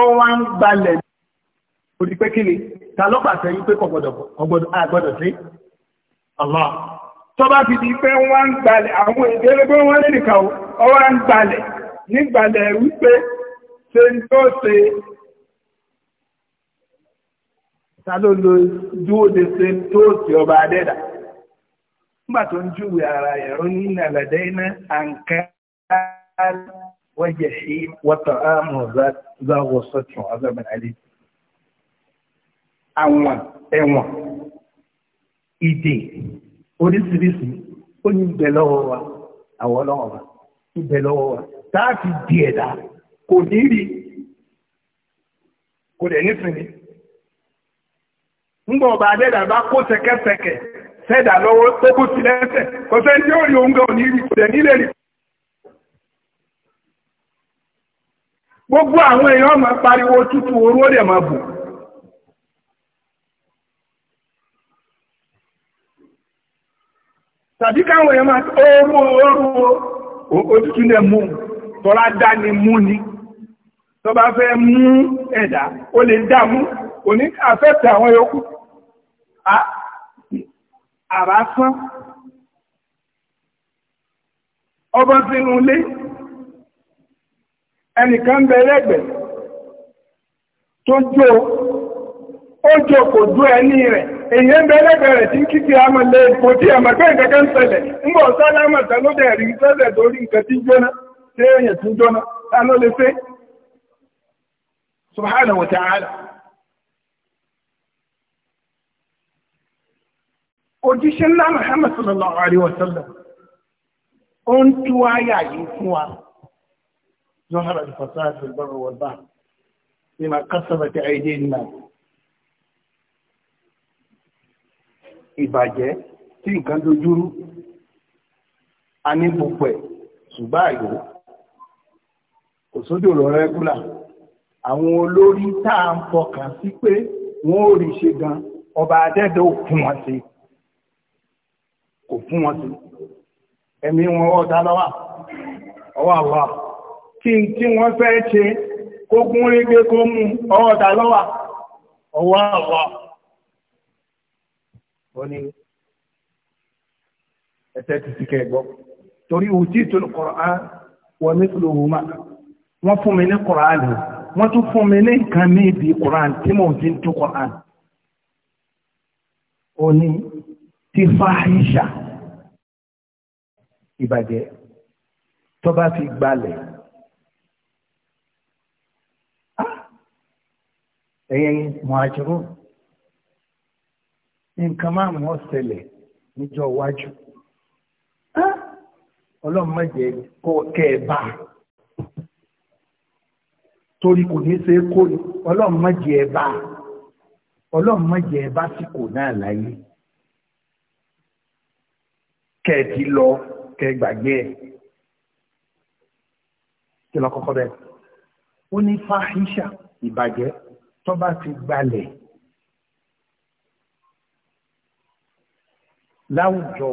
ọwá ń gbalẹ̀ orí pé kí ni ta ló pàṣẹ yí pé kọ̀gbọ̀dọ̀ sí Allah tó bá fi di pé wọ́n ń gbalẹ̀ àwọn èdè ológbó wọ́n lè nìkan ọwá ń gbalẹ̀ nígbàlẹ̀ wípé ṣe ń tó ṣe ta ló lo dúó de ṣe ń tó ṣe ọba adẹ́dà nígbà tó ń júwe ara ẹ̀rọ ní ìnàlẹ̀dẹ́ iná àǹkà وجحيم وطعام ذا وسط عذاب عليم àwọn ẹ̀wọ̀n ìdè oríṣiríṣi ó ní ibẹ̀ lọ́wọ́ wa àwọn ọlọ́wọ́ wa ibẹ̀ lọ́wọ́ wa táàfi di ẹ̀dá kò ní rí kò dẹ̀ nísìnyí ńgbọ̀ ọba adẹ́dà bá kó sẹ̀kẹ̀sẹ̀kẹ̀ sẹ́dà lọ́wọ́ tó kó sí lẹ́sẹ̀ kò sẹ́ni tí ó rí oúnjẹ ò ní rí kò dẹ̀ nílé rí gbogbo àwọn èèyàn máa pariwo tútù orú ó dẹ̀ máa bù tàbí káwọn èèyàn máa orú orú òtútù lẹ mú tọ́lá dá ni mú ni tó bá fẹ́ mú ẹ̀dá ó lè dá mú kò àfẹ́tẹ̀ àwọn yòókù àbá ọbọ̀ sínú ilé ẹnìkan kan lẹ́gbẹ̀ tó jó ó jò kò dú ẹni rẹ̀ èyí ń bẹ lẹ́gbẹ̀ tí kíkì àmọ́ lè kò tí ẹ̀mọ̀ pé nǹkan kan ṣẹlẹ̀ ń bọ̀ sálámà tàlódẹ̀ rí sẹ́lẹ̀ nǹkan tí jóná tí èèyàn ta ló lè fẹ́ subhanahu wa ta'ala òjíṣẹ́ ńlá Muhammad sallallahu alaihi wa sallam ó ń tú ظهر الفساد في البر والبحر بما قصبت أيدي الناس ìbàjẹ́ tí nǹkan dojúrú a ní gbogbo ẹ̀ ṣùgbọ́n àyò kò sódò lọ rẹ́gúlà àwọn olórí tá à ń fọkàn sí pé wọ́n ò rí ṣe gan ọba adẹ́dọ̀ ò fún wọn sí kò fún wọn sí ẹ̀mí wọn ọ̀dá lọ́wọ́ ọwọ́ àwọn. tí tí wọ́n fẹ́ ṣe kó kún rígbé kó mú ọwọ́ ọ̀dà lọ́wà ọwọ́ ní ẹ̀tẹ́ ti ti torí òtí ìtòlù wọ́n ní kìlò òhùn máa wọ́n fún mi ní lè wọ́n tún fún mi ní nǹkan ní ibi tí mò ń ti fi gbalẹ̀ ẹ̀yìn mọ̀ájúrú nǹkan máa mọ̀ ṣẹlẹ̀ níjọ́ iwájú ọlọ́mọdé kọ́ kẹ́ẹ̀bá torí kò ní ṣe kó ọlọ́mọdé ẹ̀bá ọlọ́mọdé ẹ̀bá sì kò náà láyé kẹ́ẹ̀tì lọ kẹ́ẹ̀gbàgbé ẹ̀ kí lọ kọ́kọ́ bẹ́ẹ̀ ó ní fáhíṣà ìbàjẹ́ tó bá ti gbalẹ̀ láwùjọ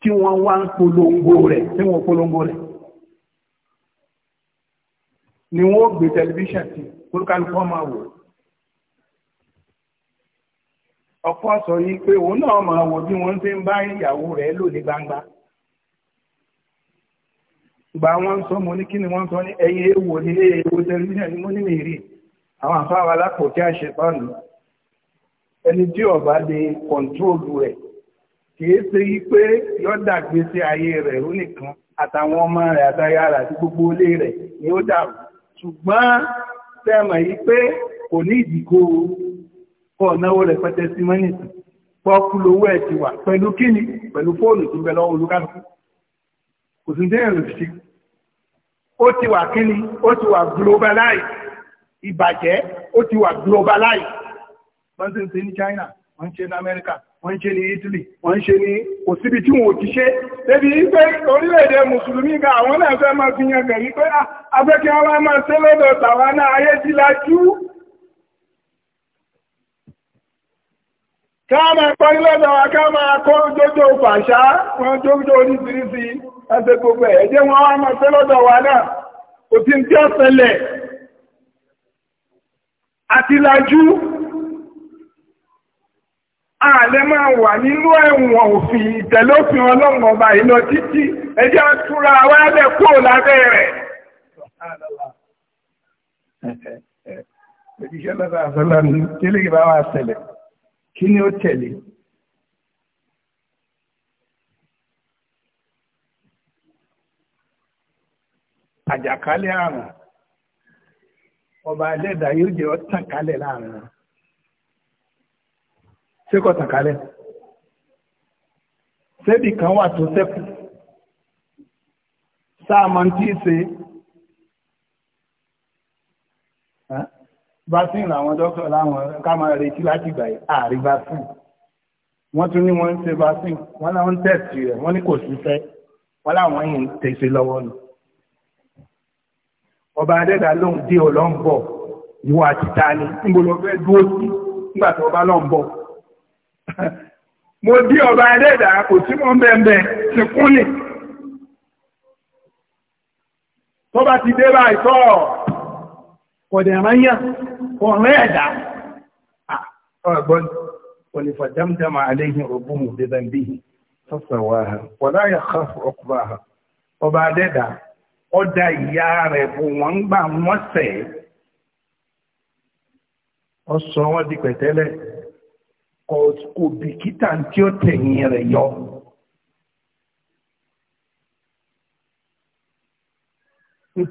tí wọ́n wá ń polongo rẹ̀ tí wọ́n polongo rẹ̀ ni wọ́n gbé tẹlifíṣàn tí kúrúkálùkọ́ máa wò ọ̀pọ̀ sọ yí pé òun náà máa wò bí wọ́n ti ń bá ìyàwó rẹ̀ lò ní gbangba ìgbà wọn sọ mo ní kí ni wọ́n sọ ní ẹ̀yìn èèwò ní èèwò tẹlifíṣàn ni mo ní mèrè àwọn àfáwà alápòtí àṣepánu ẹni tí ọba lè kọ̀ntróòlù rẹ̀ kìí ṣe yí pé yọ́dà gbèsè ayé rẹ̀ ó nìkan àtàwọn ọmọ rẹ̀ àtàyà rẹ̀ àti gbogbo ilé rẹ̀ ni ó dàrú ṣùgbọ́n tẹ́mọ̀ yí pé kò ní ìdìkò kọ̀ náwó rẹ̀ pẹ́tẹ sí mọ́nìtì pọ́ọ̀kú lówó ẹ̀ ti wà pẹ̀lú kíni pẹ̀lú fóònù tó ń bẹ lọ́wọ́ olúkálùkù kò sí ní ẹ̀rù sí ó ti wà kíni ó ti wà globalized ìbàjẹ́ ó ti wà globalize wọ́n ti China wọ́n ń ṣe ní America wọ́n ń ṣe ní Italy wọ́n ń ṣe ní kò síbi tí wọ́n ti ṣe mùsùlùmí ga àwọn náà fẹ́ máa fi yan gẹ̀rí pé máa ṣe lọ́dọ̀ tàwa náà ayé ti pọ́n lọ́dọ̀ wa kọ́ jójó fàṣá jójó oríṣiríṣi gbogbo ẹ̀ ẹ̀jẹ̀ wọn wá máa ṣe lọ́dọ̀ àti lajú ààlẹ́ máa wà nínú ẹ̀wọ̀n òfin ìtẹ̀lófin ọlọ́run ọba ìlọ títí ẹjẹ́ túnra wá lẹ́ kúrò lábẹ́ rẹ̀. Òjíṣẹ́ lọ́dọ̀ àṣọ́lá ní kílé ìbá wa ṣẹlẹ̀, kí ni ó tẹ̀lé? Àjàkálẹ̀ àrùn ọba adẹ́dà yóò jẹ́ ọ̀tàn kálẹ̀ láàrin wọn ṣé kò tàn kálẹ̀ sẹ́bì kan wà tó sẹ́kù sáà máa ń tí ì ṣe vaccine làwọn dọ́kítọ̀ láwọn ká máa retí láti gbà ààrí vaccine wọ́n tún ní wọ́n ń ṣe vaccine wọ́n láwọn ń tẹ̀sì rẹ̀ wọ́n ní kò ṣiṣẹ́ wọ́n láwọn yìí ń tẹ̀sí lọ́wọ́ nù ọba adẹ́dà lóhun dé ọlọ́mbọ̀ ìwọ àti tani níbo lọ fẹ́ dúró sí nígbà tí ọba lọ́mbọ̀ mo dí ọba adẹ́dà kò sí mọ́ bẹ́ẹ̀ ti kúnlẹ̀ tó bá ti dé báyìí tọ́ kọ̀dẹ̀rányà kọ̀rẹ́ ẹ̀dá ọgbọ́n onífàdámdámà aléhìn ọgbọ́n òbí zambi sọ́sọ̀wà wọ́n láyà kọ́ ọkùnrin ọba adẹ́dà ọdá ìyá rẹ̀ rẹ bụ ń gbà wọ́n sẹ̀ ọ sọ wọ́n di pẹ̀tẹ́lẹ̀ kò bìkítà tí ó tẹ̀yìn rẹ̀ yọ.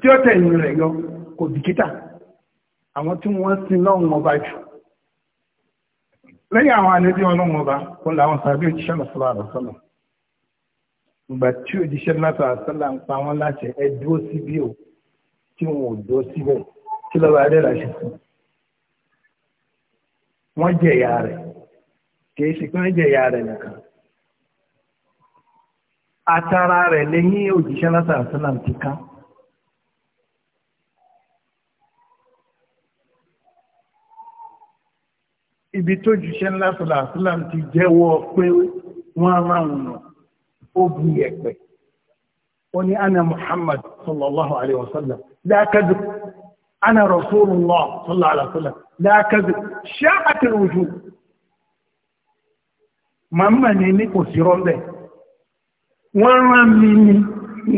tí ó tẹ̀yìn rẹ̀ yọ kò kíta àwọn tí wọ́n sin lọ́run ọba jù lẹ́yìn àwọn àlejò ọlọ́run ọba kò láwọn sàbí òjíṣẹ́ ìgbà tí òjíṣẹ́ náà àṣálà ń pa wọ́n láṣẹ ẹ dúró síbí o tí wọn ò dúró síbẹ̀ tí lọ́ba adẹ́rà ṣe fún wọ́n jẹ̀yà rẹ̀ kìí ṣe pé wọ́n jẹ̀yà rẹ̀ nìkan atara rẹ̀ lẹ́yìn òjíṣẹ́ náà àṣálà ti ká. ibi tó jíṣẹ́ ńlá sọ̀rọ̀ àṣálà ti jẹ́wọ́ pé wọ́n máa ń nà. ó bu ẹ̀pẹ̀ ana muhammad sallallahu alaihi wa sallam la ana rasulullah sallallahu alaihi wa sallam la kadhib sha'atul wujuh màmá ni ní kò sí rọ́mbẹ̀ wọ́n rán mi ní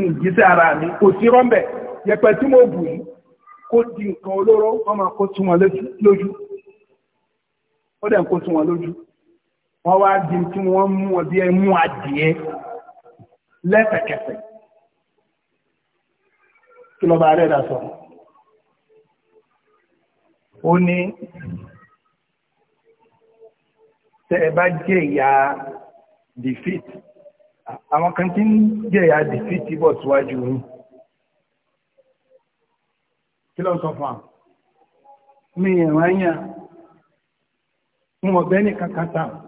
ìjísẹ́ ara mi kò sí rọ́mbẹ̀ yẹpẹ̀ tí mo bù yìí kó di nǹkan olóró lẹ́sẹ̀kẹsẹ̀ kí lọ bá rẹ̀dà sọ ó ní tẹ́ bá jẹ́ ìyá defeat àwọn kan tí ń jẹ́ ìyá defeat bọ̀ síwájú yìí kí lọ sọ fún àwọn mi ìrànyà mo ọ̀gbẹ́ni kankan táwọn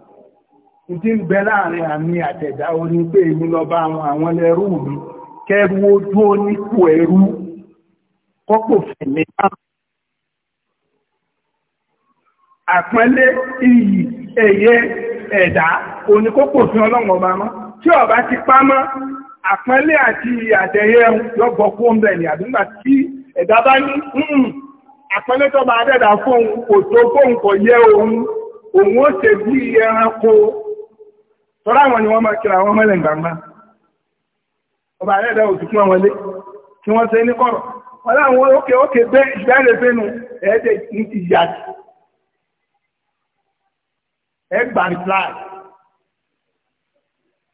ìdí ń bẹ láàrin àmì àtẹ̀dá orí pé èmi lọ bá àwọn àwọn ẹrú mi kẹrù ojú onípò ẹrú kọ́pò fẹ̀mí náà àpẹẹlẹ iyì ẹ̀yẹ ẹ̀dá oníkókò fún ọlọ́run ọba mọ́ tí ọba ti pá mọ́ àpẹẹlẹ àti àtẹ̀yẹ lọ́gbọ̀ kó ń bẹ̀ ní àdúgbà tí ẹ̀dá bá ní àpẹẹlẹ tó bá fóun kò tó fóun kò yẹ òun òun ó ṣe bí ẹranko tọ́rọ àwọn ni wọ́n máa kíra àwọn mẹ́lẹ̀ gbàmgbà ọba ẹ̀ẹ́dẹ̀ òtù kí wọ́n wọlé kí wọ́n tẹ́ ní kọ̀rọ̀ wọ́n láwọn ókè ókè bẹ́ ìgbẹ́rẹ̀ fẹ́nu ẹ̀ẹ́dẹ̀ ní ti yà jù ẹgbà rìpláì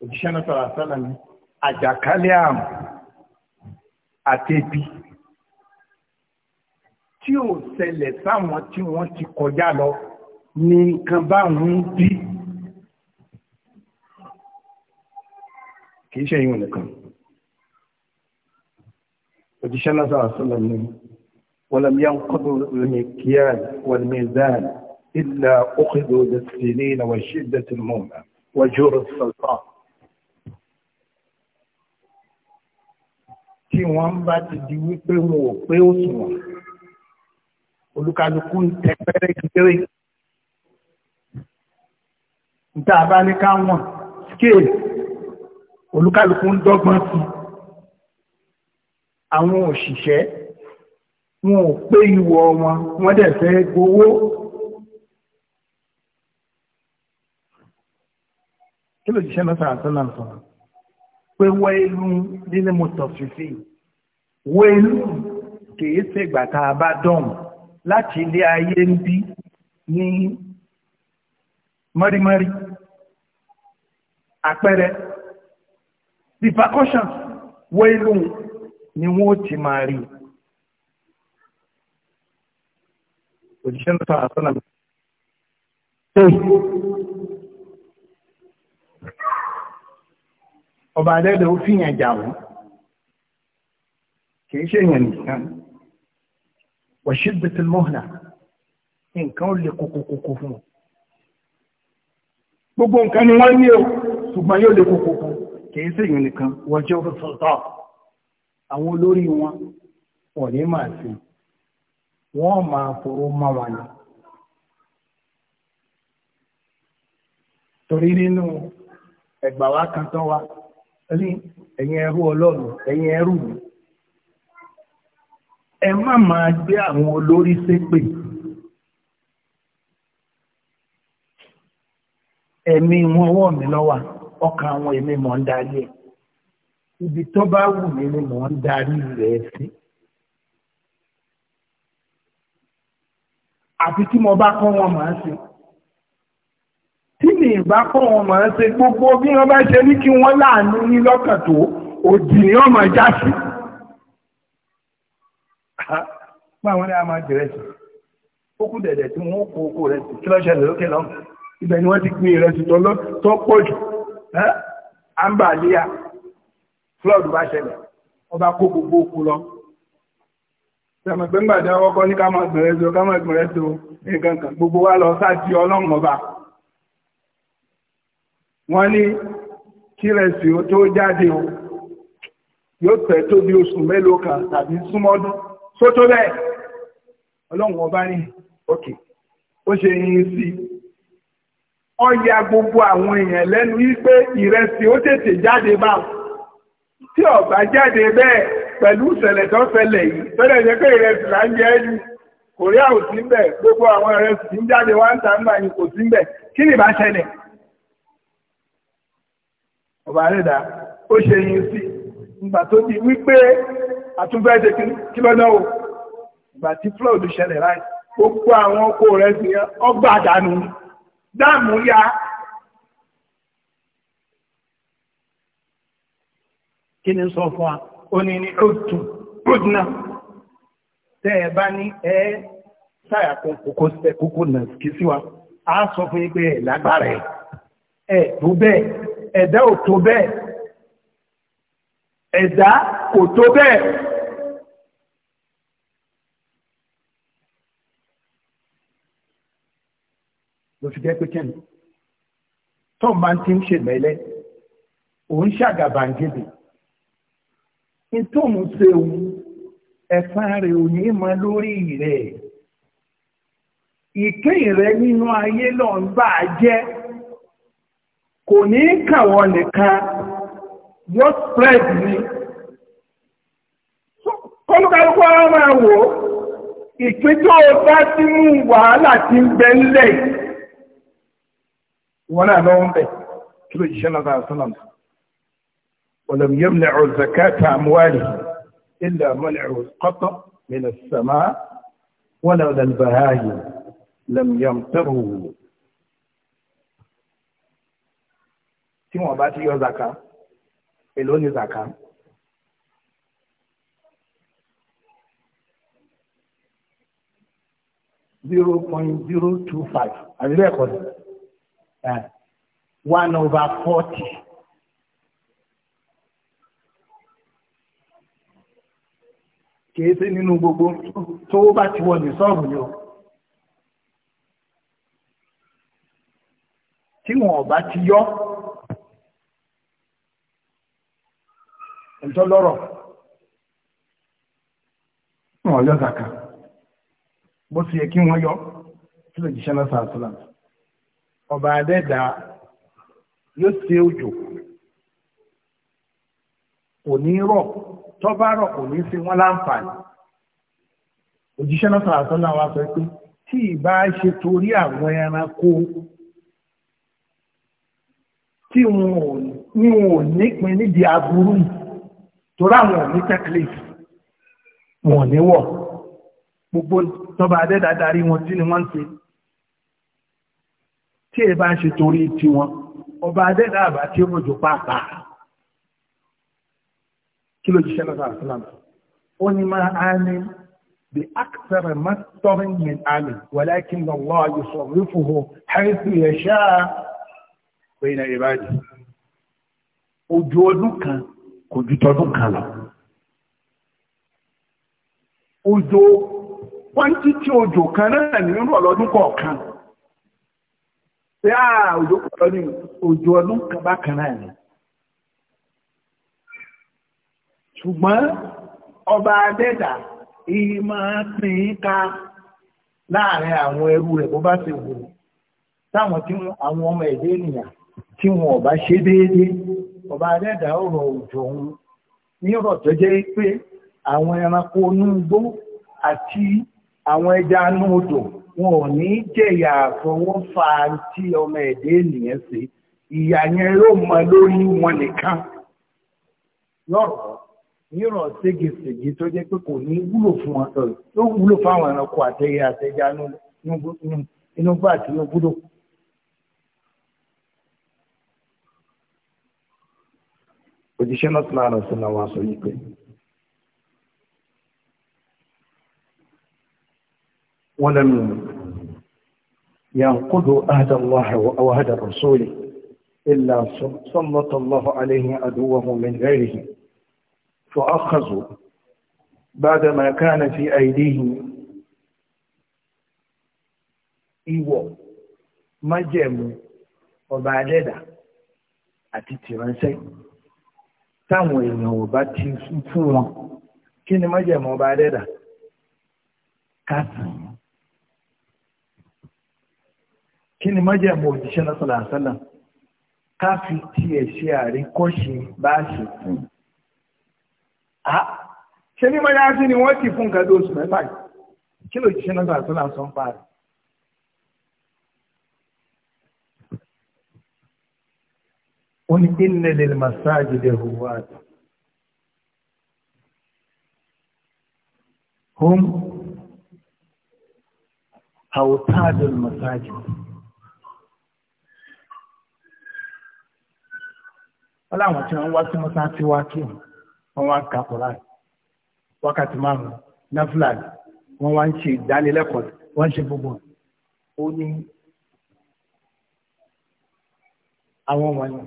òjíṣẹ́ náà sọ̀rọ̀ àṣálà ní àjàkálẹ̀ àrùn àti ebi tí ò ṣẹlẹ̀ sáwọn tí wọ́n ti kìí ṣe yíò nìkan òjíṣẹ́ lásàrà sọ́lọ̀ ní wọ́lá mi yán kọ́dọ̀ lómi kíyàn wọ́n mi zan ilẹ̀ òkèdò da sílé na wà ṣí da tí mọ́ wà jùrù sọ́tọ̀ tí wọ́n bá ti di wípé wọn ò pé ó sùn wọn olúkálukú ń kékeré níta ní ká wọ̀n scale olúkálùkù ń dọ́gbọ́n sí àwọn òṣìṣẹ́ wọn ò pé ìwọ̀ wọn wọ́n dẹ̀ fẹ́ gbowó kí ló jíṣẹ́ mẹ́ta àtúnà sọ̀rọ̀ pé wọ́n inú nínú mọ́tọ̀ fífi wọ́n inú kìí ṣe ìgbà tá a bá dọ̀n láti ilé ayé ń bí ní mọ́rímọ́rí àpẹẹrẹ repercussions wẹ́lùn ni wọ́n ti máa rí òjíṣẹ́ náà sọ̀rọ̀ àtọ́nà mi. ọba adẹ́dẹ̀ ó fìyàn jà wọ́n kìí ṣe èèyàn nìkan wọ̀ṣídìtì mọ́hànà nǹkan ó lè kókókókó fún wọn gbogbo nǹkan ni wọ́n ní o ṣùgbọ́n yóò lè kókókó kìí sí nìkan wọjọ́ sọ̀tọ̀ àwọn olórí wọn wọ́n ní máa sí wọ́n máa fòrò máa wà ní torí nínú ẹgbà wa kan tán wa ní ẹ̀yin ẹrú ọlọ́run ẹ̀yin ẹrú mi ẹ má máa gbé àwọn olórí sépè, ẹ̀mí wọn wọ̀ mí lọ́wọ́ ọkàn àwọn èmi mọ̀ ń darí ẹ̀ ibi tó bá wù mí ni mò ń darí rẹ̀ sí. àfi tí mo bá kọ́ wọn màá ṣe tí mi ìbá kọ́ wọn màá ṣe gbogbo bí wọ́n bá ṣe ní kí wọ́n láàánú ní lọ́kàn tó òdì ni wọ́n máa já sí. fún àwọn ẹ̀rọ máa jẹrẹ sí ó kú dẹ̀dẹ̀ tí wọ́n kó oko rẹ̀ sí kí lọ́ọ́ ṣẹlẹ̀ lókè lọ́wọ́ ibẹ̀ ni wọ́n ti gbé ìrẹsì tó pọ̀ jù àǹbàlíà flood bá ṣẹlẹ̀ ọba kó gbogbo okú lọ sẹ̀mọ̀gbẹ́ngbàdá ọkọ̀ ní ká máa gbẹ̀rẹ̀ tó ká máa gbẹ̀rẹ̀ tó nǹkan kan gbogbo wa lọ sáàtì ọlọ́run ọba wọ́n ní kí rẹ̀sì ó tó o yóò só tó bẹ́ẹ̀ ọlọ́run ọba ní òkè ó ṣe yín ọya gbogbo àwọn èèyàn lẹ́nu wípé ìrẹsì ó tètè jáde bá tí ọ̀bá jáde bẹ́ẹ̀ pẹ̀lú ìṣẹ̀lẹ̀ tó ṣẹlẹ̀ yìí tọ́lẹ̀ jẹ́ pé ìrẹsì là ń jẹ́ ẹ̀dù kòríà ò sí mbẹ̀ gbogbo àwọn ìrẹsì tí ń jáde wá ń ta ń báyìí kò sí mbẹ̀ kí ni bá ṣẹlẹ̀ ọ̀bà rẹ̀dà ó ṣe yín sí ìgbà tó di wípé àtúnfẹ́ ṣe kí lọ́dọ̀ o ìgbà tí flood ṣẹlẹ̀ láì gbogbo àwọn oko rẹ̀ sì ọgbà dànù dáàmú ya kí ni sọ fún wa ó ní ní ọ̀tún ọ̀dùnà tẹ́ ẹ bá ní ẹ sáyà kan kókó sẹ kókó nà kí sí wa á sọ fún yín pé ẹ lágbára ẹ ẹ tó bẹ́ẹ̀ ẹ̀dá ò tó bẹ́ẹ̀ ẹ̀dá kò tó bẹ́ẹ̀. ló fi jẹ́ pé kẹ́lì tó máa ti ń ṣe mẹ́lẹ́ òun ṣàgàbàǹgẹ̀dẹ̀ ní tóun ṣe òun ẹ̀fọn rẹ̀ ò ní mọ lórí rẹ̀ rẹ̀ nínú ayé lọ ń bà á jẹ́ kò ní kàwọ́ nìkan yóò spread ni kọlùkàlùkù ara máa wò ìpín o bá sínú wàhálà ti ń bẹ yìí. ìwọ náà lọ́wọ́ ń bẹ̀ kí ló jíṣẹ́ náà sáà sọ́nà ولم يمنع زكاة أموالهم إلا منع القطع من السماء ولولا البهائم لم يمطروا tí wọ́n bá ti yọ zaka èló ni zaka zero point zero two five àbí bẹ́ẹ̀ kọ́ ni one over forty. kìí sí nínú gbogbo tó bá ti wọ ní sọ́ọ̀bù ni o tí wọn ọba ti yọ ìtọ́lọ́rọ̀ wọn ọjọ́ kàkà bó ti yẹ kí wọ́n yọ sílẹ̀ jíṣẹ́ lọ́sàásùlámù ọba adẹ́dà yóò ṣe òjò kò ní rọ̀ tọ́ba rọ̀ kò ní sí wọn láǹfààní òjíṣẹ́ náà sọ̀rọ̀ sọ́nà wa sọ pé tí ìbá ṣe torí àwọn ẹranko tí wọn ò nípin nídìí aburú torí àwọn ò ní wọn ò ní wọ̀ gbogbo tọ́ba adẹ́dà darí wọn tí ni wọ́n ń ṣe tí ẹ bá ń ṣe torí tí wọn ọba adẹ́dà àbá tí ó mọ̀jọ pàápàá kí ló jíṣẹ́ lọ́sà àṣìlám ó ní máa ámì bí akthara mastọ́rin min ámì walakin Allah yusarrifuhu haythu yasha bayna ibadi ojú ọdún kan kò ju tọdún kan lọ ojú pọ́ńtí tí kan náà nínú ọlọ́dún kọ̀ọ̀kan pé a òjò pọ̀ lọ ní òjò ọdún kan bákan náà ni ṣùgbọ́n ọba adẹ́dà ìyí máa pín ká láàrin àwọn ẹrú rẹ̀ bó bá ṣe wù táwọn tí àwọn ọmọ ẹ̀dẹ́ ènìyàn tí wọn ọba ṣe déédéé ọba adẹ́dà ọ̀rọ̀ òjò òun ní ọ̀rọ̀ tó jẹ́ pé àwọn ẹranko inú igbó àti àwọn ẹja inú odò wọn ò ní jẹ̀yà àfọwọ́fà tí ọmọ ẹ̀dẹ́ ènìyàn ṣe ìyà yẹn yóò mọ lórí wọn nìkan lọ́rọ̀ nírọ̀ ségesège tó jẹ́ pé kò ní wúlò fún wọn sọ̀rọ̀ tó wúlò fáwọn ẹranko àtẹ̀yẹ àtẹ̀já inú bá àti ogúdò. òjíṣẹ́ náà tún lára ọ̀sán làwọn aṣọ yìí pé. ولم ينقضوا عهد الله وعهد رسوله إلا سلط الله عليه عدوه من غيره فأخذوا بعدما كان في أيديهم ìwọ̀ májẹ̀mú ọba adẹ́dà àti tìránṣẹ́ táwọn èèyàn ò bá ti fún wọn kí ni májẹ̀mú ọba adẹ́dà kásìn kí ni májẹ̀mú òjíṣẹ́ náà sọ̀rọ̀ àṣálà ká fi tiẹ̀ ṣe àríkọ́ṣe bá ṣe fún ṣe ní mọ́jáàsí ni wọ́n ti fún nǹkan tó oṣù mẹ́fà yìí kí ló jíṣẹ́ náà sọ̀rọ̀ àṣọ ń parí. ó ní inna lil masajidi huwat hum awtadul masajid. wọ́n láwọn tí wọ́n wá sí mọ́sáàtì wá kí wọ́n wá ka kọ́ra wákàtí márùn-ún náfìlà wọ́n wá ń ṣe ìdánilẹ́kọ̀ọ́ wọ́n ń ṣe gbogbo ó ní àwọn wọ̀nyí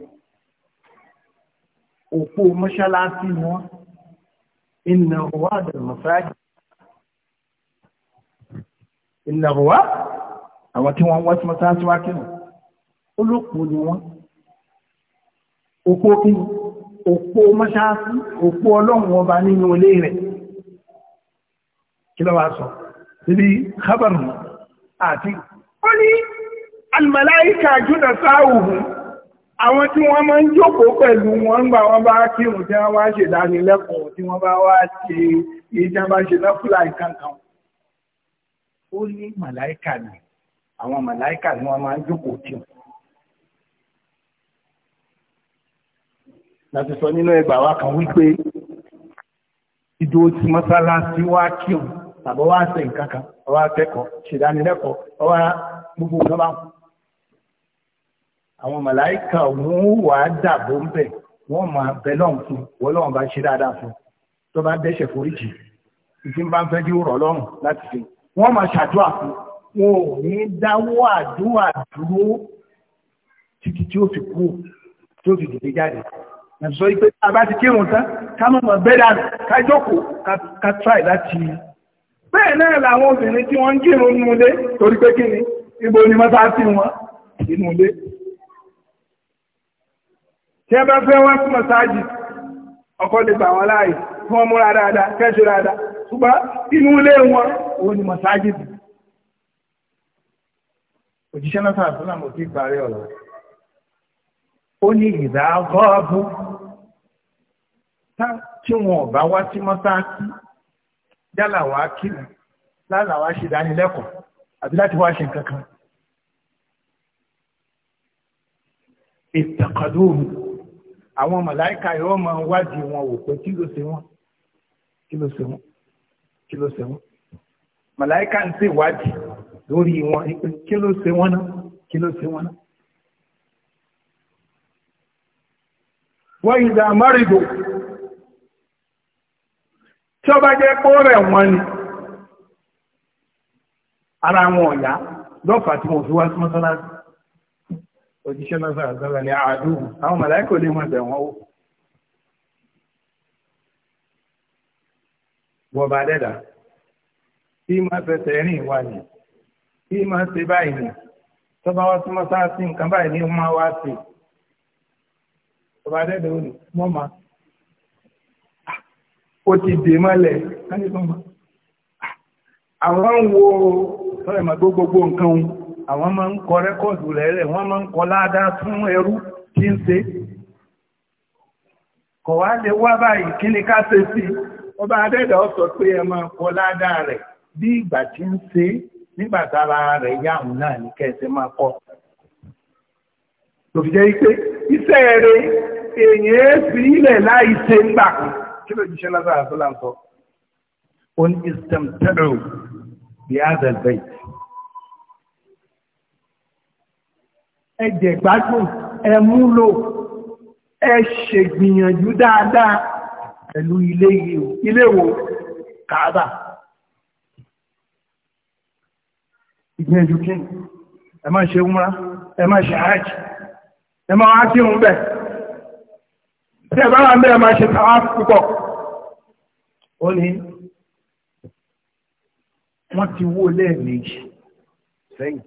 òpó mọ́ṣáláṣí wọn iná wà dàmọ́sáàjì iná wà àwọn tí wọ́n wá sí mọ́sáàtì wá kí wọ́n olókùn ni wọ́n òpó kí òpó mọ́ṣáásí òpó ọlọ́run ọba nínú ilé rẹ̀ kí lọ́wọ́ sọ ibi kábàrùn àti ó ní alìmọ̀láíkà jùlọ sáàwùhùn àwọn tí wọ́n máa ń jókòó pẹ̀lú wọn gbà wọ́n bá kírun tí wọ́n bá ṣe dánilẹ́kọ̀ọ́ tí wọ́n bá wá ṣe ìjọba bá ṣe lọ́fúlà ìkankan ó ní màláíkà ni àwọn màláíkà ni wọ́n máa ń jókòó tí láti sọ nínú ẹgbà wa kan wípé ìdó ti mọ́sálásí wá kírun tàbí wá ṣe nǹkan kan ọwá akẹ́kọ̀ọ́ ṣèdánilẹ́kọ̀ọ́ ọwá gbogbo nǹkan bá wọn. àwọn màláìka wọn wà á dàbò ń bẹ̀ wọ́n máa bẹ lọ́n fún wọ́n lọ́n bá ṣe dáadáa fún tó bá dẹ́ṣẹ̀ foríjì ìdí bá ń fẹ́ dí rọ̀ lọ́rùn láti fi wọ́n máa ṣàdúrà fún wọn ò ní dáwọ́ àdúrà dúró títí tí ó fi kú tí fi dìde jáde ẹ̀sọ́ ipé àbá ti kírun tán kámọ̀mọ̀ bẹ́dà kájókò kátráì láti bẹ́ẹ̀ náà làwọn obìnrin tí wọ́n ń kírun nínú ilé torí pé kí ni ibo ni mọ́ta sí wọn nínú ilé tí ẹ bá fẹ́ wọ́n fún mọ́sáàjì ọkọ lè gbà wọ́n láàyè fún ọmọ dáadáa kẹ́ṣù dáadáa ṣùgbọ́n inú ilé wọn òun ni mọ́sáàjì òjíṣẹ́ náà sàrẹ̀ fún àmọ̀ ìparí ọ̀rọ̀ ó ní ìdá gọ́ọ̀bù tí wọn ò bá wá sí mọ́sáàkì yálà wá kírun lálà wá ṣe ìdánilẹ́kọ̀ọ́ àbí láti wá ṣe nǹkan kan. ìtàkàdóòrù àwọn màláìka yóò máa wádìí wọn wò pé kí ló ṣe wọn kí ló ṣe wọn kí ló ṣe wọn màláìka ń ṣèwádìí lórí wọn kí ló ṣe wọn náà kí ló ṣe wọn náà. wọ́n ìdá tí ó bá jẹ́ ara wọn ọ̀yá lọ́fà tí wọ́n fi wá sí òjíṣẹ́ lọ́sàn ní àádúrù àwọn màláìkò lè mọ̀ bẹ̀ ó wọ́n dẹ́dà tí máa fẹsẹ̀ rìn wà ní tí máa ṣe báyìí ní tọ́ba wá sí mọ́sánláàtì nǹkan báyìí wá sí i ọba adẹ́dẹ̀ òní mọ́mà ó ti dè mọ́lẹ̀ láti mọ́mà ah, àwọn ń wo sọ́rọ̀ ìmọ̀ gbogbo nǹkan àwọn máa ń kọ rẹ́kọ̀dù rẹ̀ wọ́n máa ń kọ ládá fún ẹrú kí ń ṣe kọ̀ wá lè wá báyìí kí ni ká ṣe sí ọba adẹ́dẹ̀ ọ sọ pé ẹ máa kọ ládá rẹ̀ bí ìgbà tí ń ṣe nígbà tára rẹ̀ yáhùn náà ní kẹsẹ̀ máa kọ́ lòfìjẹ́ iṣẹ́ rẹ̀ èèyàn fi ilẹ̀ láì ṣe ń gbà kí ló jíṣẹ́ lásán àtúlà ń sọ. ó ní islam tẹ́lẹ̀ bí adal bẹ́ẹ̀. ẹ jẹ gbádùn ẹ múlò ẹ ṣègbìyànjú dáadáa pẹ̀lú ilé wo kàábà. ìgbìyànjú kí ẹ máa ṣe umra ẹ máa ṣe hajj ẹ máa wá kírun bẹ́ẹ̀ tí ẹ̀bá wà mẹ́rin máa ṣe tàwá púpọ̀ ó ní wọ́n ti wó lẹ́ẹ̀mejì sẹ́yìn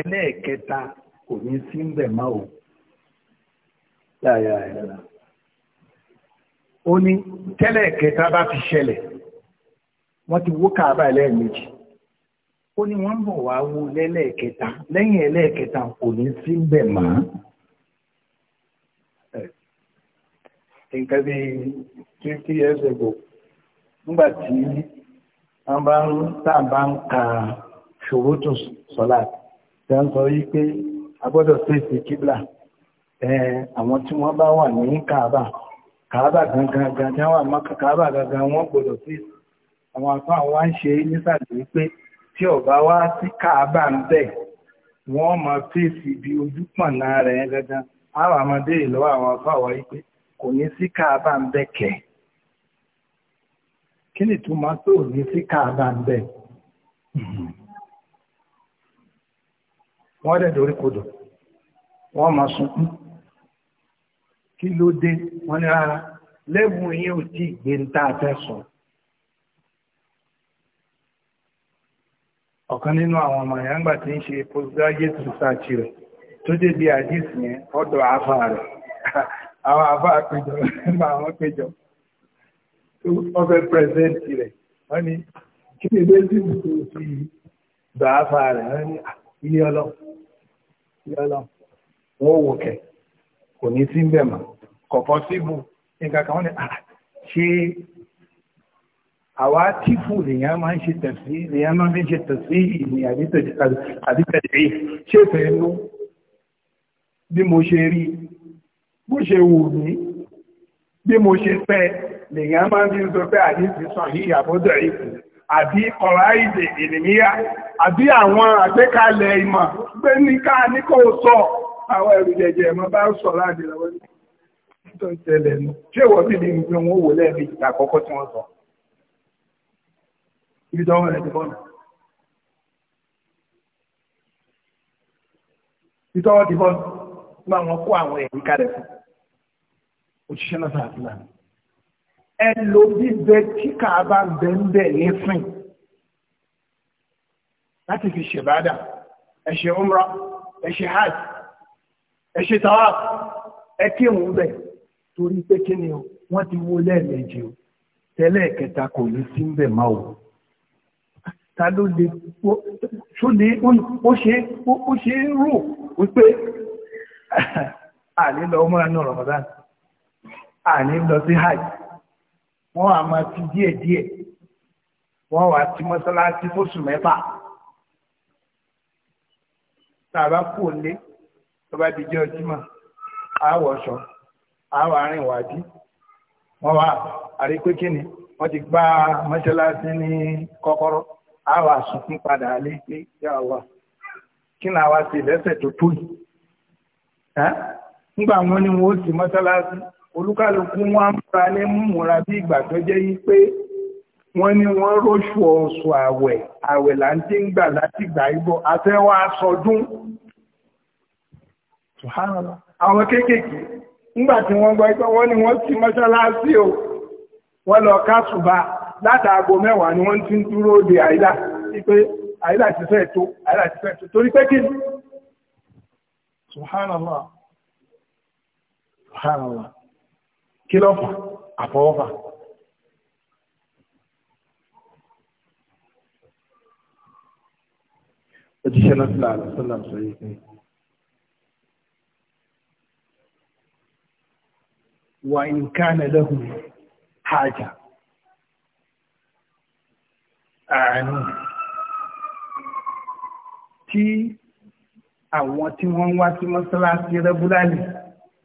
ẹlẹ́ẹ̀kẹta kò ní sí ń bẹ̀ máa o láyà ẹ̀rọ ó ní tẹ́lẹ̀kẹta bá fi ṣẹlẹ̀ wọ́n ti wó kàábà lẹ́ẹ̀mejì ó ní wọ́n ń bọ̀ wá wó lẹ́lẹ́ẹ̀kẹta lẹ́yìn ẹlẹ́ẹ̀kẹta kò ní sí ń bẹ̀ máa. nǹkan bí 50 years ago nígbà tí wọ́n bá ń sáàbá ń ka ṣòrótò sọ́lá tí wọ́n sọ yí pé agbọ́dọ̀ fèsì kíblà àwọn tí wọ́n bá wà ní kàábà kàábà gangan gan tí wọ́n wà mọ́ka kàábà gangan wọ́n gbọ́dọ̀ fèsì àwọn àtọ́ àwọn wá ń ṣe nísàlẹ̀ pé tí ọba wá sí kàábà ń bẹ̀ wọ́n máa fèsì bí ojú pọ̀nà rẹ̀ gangan àwọn àmọ́dé ìlọ́wọ́ àwọn afáwọ̀ yí pé kò ní sí káàbà ń bẹ̀ kẹ́ kí ni túmọ̀ tó ní sí káàbà ń bẹ̀ wọ́n dẹ̀ dorí kodò wọ́n máa sunkún kí ló dé wọ́n ní rárá lẹ́bùn yìí ò tí gbé ń tá a fẹ́ sọ ọ̀kan nínú àwọn ọmọ ìyá ńgbà tí ń ṣe postgraduate research rẹ̀ tó dé bí àdìsí yẹn ọ̀dọ̀ àáfà rẹ̀ àwọn àbá àpéjọ nípa àwọn péjọ tó ọfẹ́ pẹ̀sẹ̀ntì rẹ̀ wọ́n ní kí ni ilé tí mo fi gbà á fa rẹ̀ wọ́n ní ilé ọlọ́ ilé ọlọ́ wọ́n wò kẹ̀ kò ní sí bẹ̀ mọ́ kọ̀kọ́ síbù nǹkan kan wọ́n ní ṣé àwa tífù lèèyàn máa ń ṣe tẹ̀sí lèèyàn máa ń ṣe tẹ̀sí ìní àdítẹ̀dẹ̀ ṣé fẹ́ẹ́ ló bí mo ṣe rí bó ṣe wù mí bí mo ṣe fẹ́ lèyàn máa ń sọ pé àdíṣì sọ yìí àbọ́dọ̀ ìkù àbí ọ̀rá ìdè ènìyàn àbí àwọn àgbékalẹ̀ ìmọ̀ gbé ní ká ní kò sọ àwọn ẹ̀rù jẹjẹ ẹ̀mọ́ bá ń sọ láàrin lọ́wọ́ tó tẹ̀lẹ̀ nù ṣé ìwọ bí ní ìgbìmọ̀ wọn wò lẹ́ẹ̀mí àkọ́kọ́ tí wọ́n sọ ibi tí wọ́n ti bọ́nà máa wọn kó àwọn ẹ̀rí kalẹ̀ fún òṣìṣẹ́ náà sàtìlá ẹ lo bíbẹ tí kàábà bẹ ń bẹ nífìn láti fi ṣèbádà ẹ ṣe umra ẹ ṣe hajj ẹ ṣe tawaf ẹ kírun bẹ torí pé kí ni o wọ́n ti wó lẹ́ẹ̀mejì o tẹ́lẹ̀ kẹta kò ní sí ń bẹ̀ máa o ta ló lè ó ṣe ó ṣe rò wípé àní lọ múra ní àní lọ sí hajj wọ́n wà máa ti díẹ̀ wọ́n wà ti mọ́sálásí fóṣù mẹ́fà tàbá kú òlé tó bá di jẹ́ ọjímọ̀ àwọ̀ṣọ́ àwọ̀ àárín ìwádìí wọ́n wà àríkókíni wọ́n ti ní kọ́kọ́rọ́ àwọ̀ àsùnkún padà lé pé yà wà kí ni àwa sì lẹ́sẹ̀ tó tó yìí. nígbà wọn ni wọn ó ti mọ́sálásí olúkálukú wọn á múra ní múra bí ìgbà tó jẹ́ yí pé wọ́n ní wọ́n róṣù ọ̀ṣù àwẹ̀ àwẹ̀ là ń tí ń gbà láti gbà igbó àtẹ́wọ́ aṣọdún àwọn kéékèèké nígbà tí wọ́n gbọ́ ipẹ́ wọ́n ní wọ́n ti mọ́ṣáláṣí o wọ́n lọ kásùbà látàgò mẹ́wàá ni wọ́n ti ń dúró de àìdá ti fẹ́ tó torí pé kí سبحان الله سبحان الله كلوفا أفوفا أجيشنا صلى الله عليه وسلم صحيح وإن كان له حاجة أعنوه تي àwọn tí wọ́n ń wá sí mọ́sálásí rẹ́gúlárì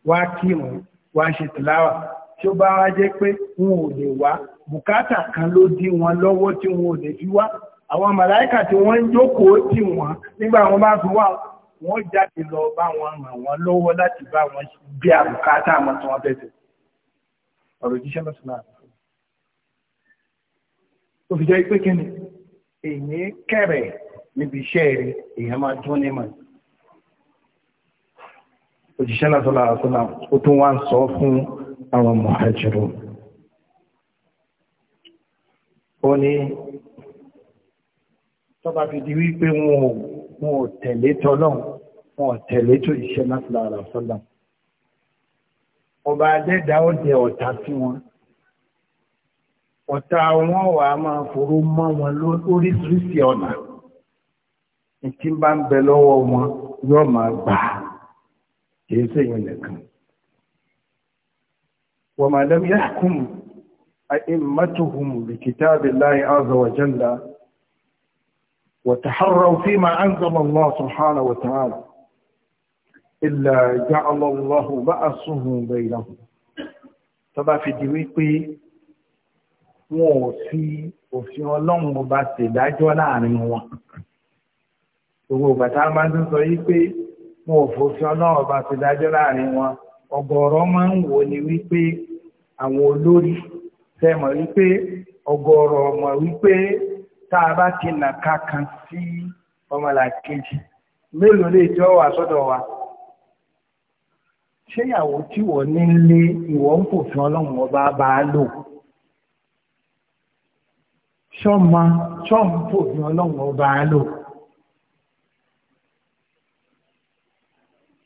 wá kírun wá ṣe tìláwà tí ó bá wá jẹ́ pé wọn ò lè wá bùkátà kan ló dí wọn lọ́wọ́ tí wọn ò lè fi wá àwọn màláìkà tí wọ́n ń jókòó tì wọ́n nígbà wọn bá fi wá wọ́n jáde lọ bá wọn ràn wọ́n lọ́wọ́ láti bá wọn bí àbùkátà àwọn tí wọ́n bẹ̀rẹ̀ ọ̀rọ̀ jíṣẹ́ lọ́sùnà tó fi jẹ́ pé kí ni èyí kẹ̀rẹ̀ níbi iṣẹ́ rẹ̀ èèyàn máa dún ní màá òjíṣẹ́ lásọ́lá àṣọ́lá ó tún wá ń sọ fún àwọn mọ̀hájírò ó ní tọ́ba fi di wípé wọn ò tẹ̀lé tọ́lọ́n wọn ò tẹ̀lé tó ìṣẹ́ lásọ́lá àṣọ́lá ọba adẹ́dá ó dẹ ọ̀tá sí wọn ọ̀tá wọn wà á máa foró mọ́ wọn lóríṣiríṣi ọ̀nà ìtí bá ń bẹ lọ́wọ́ wọn yóò máa gbà kìí sèyìn nìkan wa ma lam yahkum a'immatuhum bi kitabillahi azza wa jalla وتحروا فيما أنزل الله سبحانه وتعالى إلا جعل الله بأسه بينهم tọ́ba fi di wípé wọn ò fi òfin ọlọ́run ọba ṣèdájọ́ láàrin wọn gbogbo bàtà máa ń sọ yí pé wọn ò fòfin ọlọ́run ti dájọ́ láàrin wọn ọ̀gọ̀ọ̀rọ̀ máa ń wò ní wípé àwọn olórí fẹ́ mọ̀ wípé ọ̀gọ̀ọ̀rọ̀ mọ̀ wípé tá a bá ti nà kankan sí ọmọlàkejì mélòó lè jọ wà sọ́dọ̀ wa ṣéyàwó tí wọ́n ní lé ìwọ ń fòfin ọlọ́run ọba bá a lò ṣọ́ọ̀mà ṣọ́ọ̀mù fòfin ọba a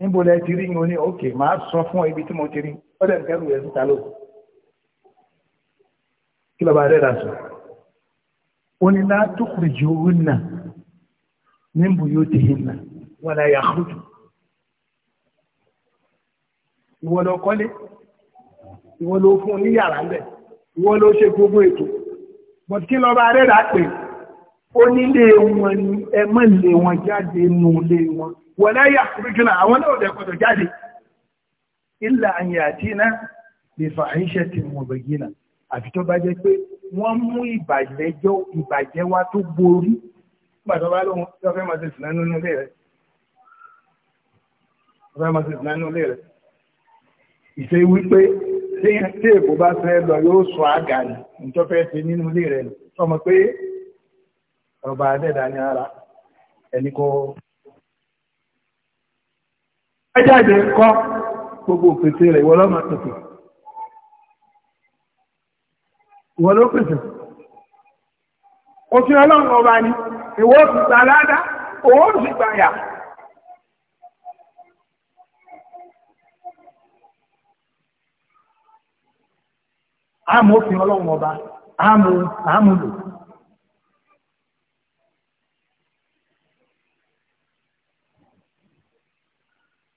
níbo lẹ ti rí yín o ní òkè máa sọ fún ibi tí mo ti rí ó dẹ̀ kẹ́rù ẹ̀ síta ló kí lọ́ba rẹ̀ rà sọ ó ní la tukhrijunna min buyutihinna wala yakhruj ìwọ ló kọ́lé ìwọ ló fún un ní yàrá ńbẹ ìwọ ló ṣe gbogbo ètò bọ̀dù kí lọ́ba rẹ̀ rà pè onílé wọn ni ẹ má lé wọn jáde nù lé wọn wọ́n láyé àkúrújú náà àwọn náà lẹ́kọ̀ọ́tọ̀ jáde ilà àyè àti iná lè fà àyíṣẹ́ tí wọ́n bẹ̀ yìí náà àfi tó bá jẹ́ pé wọ́n mú ìbàjẹ́jọ́ ìbàjẹ́ wá tó borí gbàtọ́ bá lóhun tó fẹ́ máa ṣe sìnà nínú ilé rẹ̀ fẹ́ máa ṣe sìnà nínú ilé rẹ̀ ìṣe wípé tí èkó bá fẹ́ lọ yóò sọ àgà ní tó fẹ́ ṣe nínú ilé rẹ̀ sọmọ pé ọba adẹ́dà ní ara ẹni gbogbo òpèsè rẹ̀ ọba ni ìwọ òfin gbà ládá òwò òfin gbà yà àmọ́ òfin ọlọ́run ọba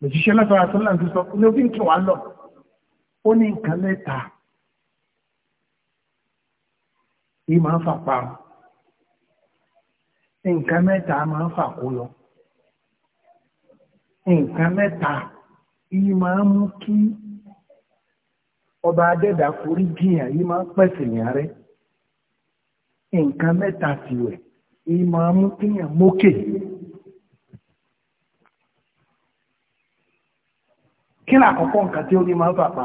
òjíṣẹ́ lọ́sọ̀rọ̀ àtúnlá ti sọ ní òfin kí wàá lọ ó ní nǹkan mẹ́ta yìí máa ń fà parun nǹkan mẹ́ta máa ń fà kó lọ nǹkan mẹ́ta yìí máa ń mú kí ọba adẹ́dà forí jìyàn yìí máa ń pẹ̀sẹ̀ yàn rẹ nǹkan mẹ́ta tiwẹ̀ yìí máa ń mú kíyàn mókè yìí. kí ni àkọ́kọ́ nǹkan tí ó ní máa ń fàpá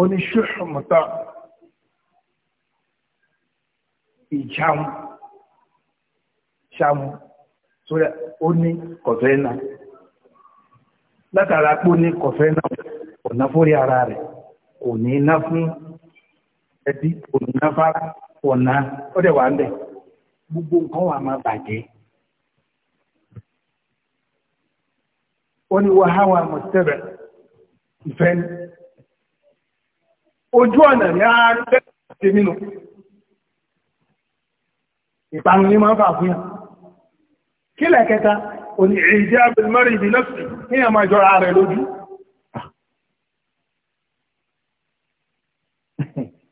ó ní ṣùṣùmọ̀tà ìjáun ṣàmù sórí ó ní kọ̀fẹ́ náà látara pé ó ní kọ̀fẹ́ náà kò ná fórí ara rẹ̀ kò ní ná fún ẹbí kò ní ná fara kò ná ó dẹ̀ wà ń bẹ̀ gbogbo nǹkan wà máa bàjẹ́. ó ní wàhálà mọ̀tẹ́rẹ̀ ìfẹ́ ni ojú ọ̀nà ní àárín bẹ́ẹ̀ ṣe mínú ìpanu ní máa ń fà fún yàn kí lẹ́kẹta òní ìjẹ́ abẹ̀lmọ́rin ìbí lọ́sì ní àmà ìjọra rẹ̀ lójú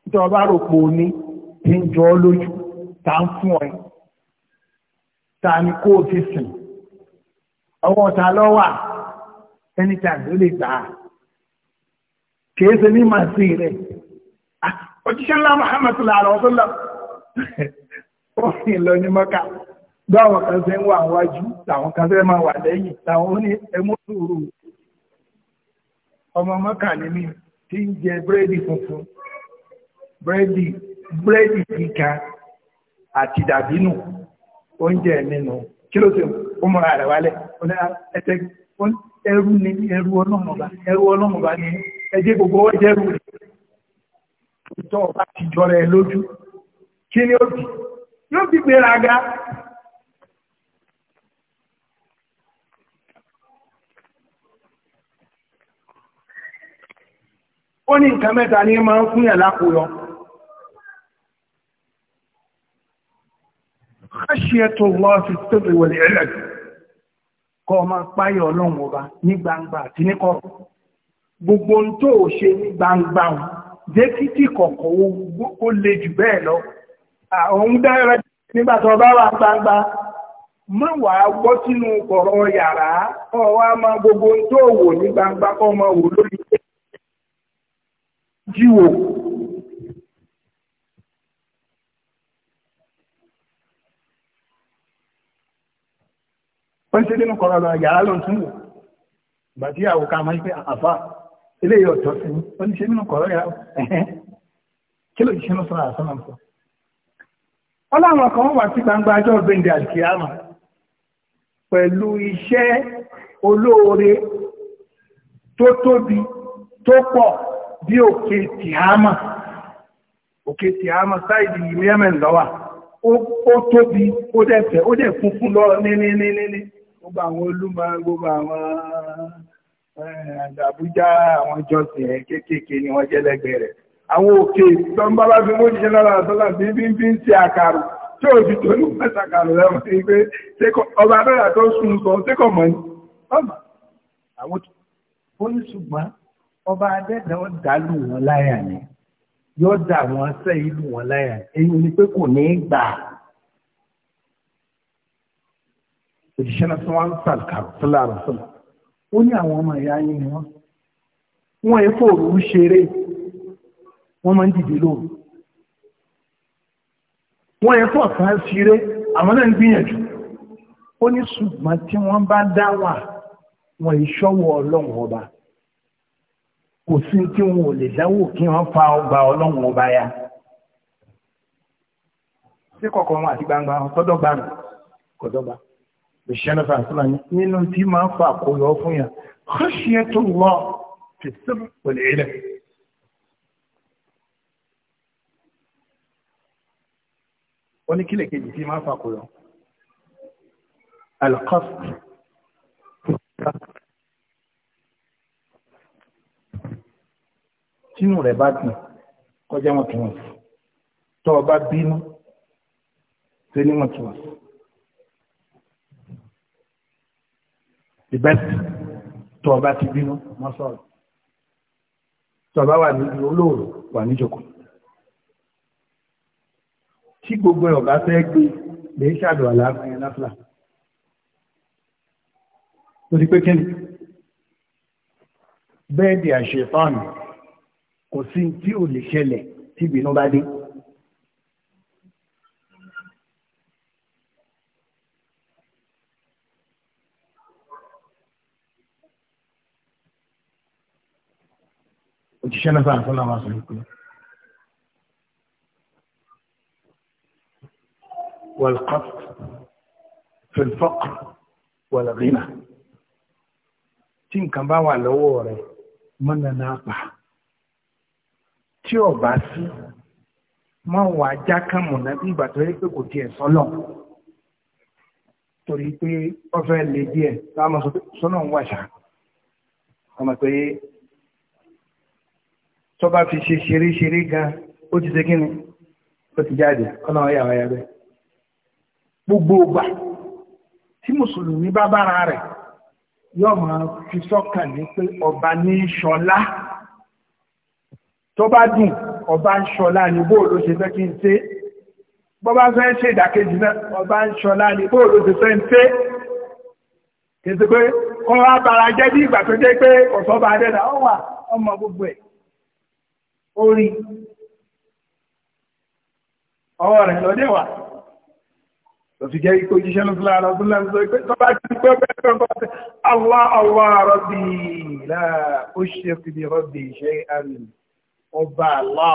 ìjọba rògbò ní tí ń jọ lójú ta ń fún ọ ta ni kó o fi sìn ọwọ́ ta lọ́wà anytime ló lè gbà kìí ṣe ní màá sí rẹ̀ òjíṣẹ́ ńlá Muhammad sallallahu alaihi wasallam ó fi lọ ní mọ́ká bí àwọn kan ṣe ń wà wájú làwọn kan ṣe máa wà lẹ́yìn làwọn ó ní ẹmú sùúrù ọmọ mọ́ká ni mí tí ń jẹ búrẹ́dì funfun búrẹ́dì búrẹ́dì kíka àti dàbínù oúnjẹ nínú kí ló ṣe ó múra rẹ̀ wálẹ̀ ẹrú ni ẹrú ọlọ́mọba ẹrú ọlọ́mọba ni ẹjẹ́ gbogbo owó jẹ́rù rẹ̀ tó ọba ti jọra ẹ lójú kí ni ó bì yóò bí gbéraga ó ní nǹkan mẹ́ta ní máa ń fún yàn lákòóyọ khashiyatullah fi sirri wal iln kọ́ ọ páyọ̀ ọlọ́run ọba ní gbangba àti ní gbogbo ohun tó o ṣe ní gbangba o jẹ́ kí tí o ó le jù bẹ́ẹ̀ lọ àwọn dára nígbà tó bá wà gbangba má wà á gbọ́ sínú kọ̀rọ̀ yàrá kọ́ wa máa gbogbo ohun tó wò ní gbangba kọ́ máa wò lórí jíwò wọ́n ṣe nínú kọ̀rọ̀ yàrá lọ́n tún wò gbàtí àwòká máa ń pẹ́ àfáà eléyìí ọ̀tọ̀ sí ní ó ní ṣe nínú kọ̀ọ̀rọ̀ yà ẹ̀hẹ́ kí ló ṣe lọ́sọ̀rọ̀ àṣọ́nà fún un. ọlọ́run kan wà sí gbangba ajọ́ gbẹ̀ndẹ̀ àlùkìyàmà pẹ̀lú iṣẹ́ olóore tó tóbi tó pọ̀ bí òkè tìhámà òkè tìhámà sáìdì yemen lọ́wà ó tóbi ó dẹ̀ fẹ̀ ó dẹ̀ funfun lọ ní ní ní ní gbogbo àwọn olúmọ gbogbo àwọn Àbújá àwọn jọ́sìn ẹ̀ kéékèèké ni wọ́n jẹ́ lẹ́gbẹ̀ẹ́ rẹ̀. Àwọn òkè tó ń bá bá fi mú ìṣẹ́ lára àtọ́lá sí bí ń fi ń ṣe àkàrò tí ò fi tó ní mẹ́sàkàrò lẹ́wọ̀n sí pé ọba abẹ́rẹ́ tó sùn sọ sékọ̀ mọ́ ni. Ọ̀mà àwọn ó ní ṣùgbọ́n ọba adẹ́dàá ó dàlù wọn láyà ni yóò dà wọn sẹ́ ìlú wọn láyà èyí ni pé kò ní í gbà. Òṣìṣẹ́ náà tí wọ́n ń sàkàrò fúlàrọ̀ fúlàrọ̀. ó ní àwọn ọmọ ìyá yìí ni wọ́n wọ́n èé fòrò ń ṣeré wọ́n máa ń dìde lóru wọ́n èé fọ̀sán ṣeré àwọn náà ń gbìyànjú ó ní ṣùgbọ́n tí wọ́n bá dá wà wọ́n èé ṣọ́wọ́ ọlọ́run ọba kò sí tí wọn ò lè fa ọgbà ọlọ́run ọba ya sí kọ̀ọ̀kan wọn àti gbangba ọ̀tọ́dọ̀gba òṣìṣẹ́ náà sàṣìlá nínú tí máa fa àkóyọ fún yà khashiyatullah fi sirr wal ilm ó ní kílẹ̀ kejì tí máa fa àkóyọ al tínú rẹ̀ bá dùn kọjá wọn tún wọn tó o bá bínú tó ní wọn tún wọn. the best tó ọba ti bínú wọ́n sọ̀rọ̀ tó ọba wà níbi olóòrò wà níjòkó tí gbogbo ọba fẹ́ gbé lè ṣàdọ̀ àlàáfíà yẹn láfíà torí pé kíni bẹ́ẹ̀dì àṣetán kò sí tí ò lè ṣẹlẹ̀ tí ìbínú bá dé. òjíṣẹ́ náà sáà sọ́nà máa sọ wípé والقصد في الفقر والغنى tí nǹkan bá wà lọ́wọ́ rẹ̀ mọ́nà náà pa tí ò bá sí mọ́ wà jákàmùnà bí ìgbà tó yẹ pé kò tiẹ̀ sọ́lọ̀ torí pé ó fẹ́ lè díẹ̀ láwọn sọ́nà ń wàṣà ọmọ pé tó bá fi ṣe ṣeré ṣeré gan ó ti ṣe kí ni ó ti jáde ọ̀nà ọ̀yà ọ̀yà rẹ̀ gbogbo ògbà tí mùsùlùmí bá bára rẹ̀ yóò máa fi sọ́kàn ní pé ọba ní ṣọlá tó bá dùn ọba ń ṣọlá ní bó ló ṣe fẹ́ kí n ṣe bó bá fẹ́ ṣe ìdàkejì náà ọba ń ṣọlá ní bó ṣe fẹ́ ń ṣe kì í ṣe pé kọ́ wá jẹ́ bí ìgbà tó jẹ́ pé ọ̀sọ́ bá dẹ́dà ó wà ọmọ gbogbo ẹ̀ orí ọwọ́ rẹ̀ lọ́dẹ̀ wà lọ fi jẹ́ ikú jíṣẹ́ lọ́sílá lọ́sílá ń sọ pé tọ́bá ti pẹ́ pẹ́ pẹ́ Allah Allah rọ́bì láà ó ṣe fi bí rọ́bì ṣe àmì ọba Allah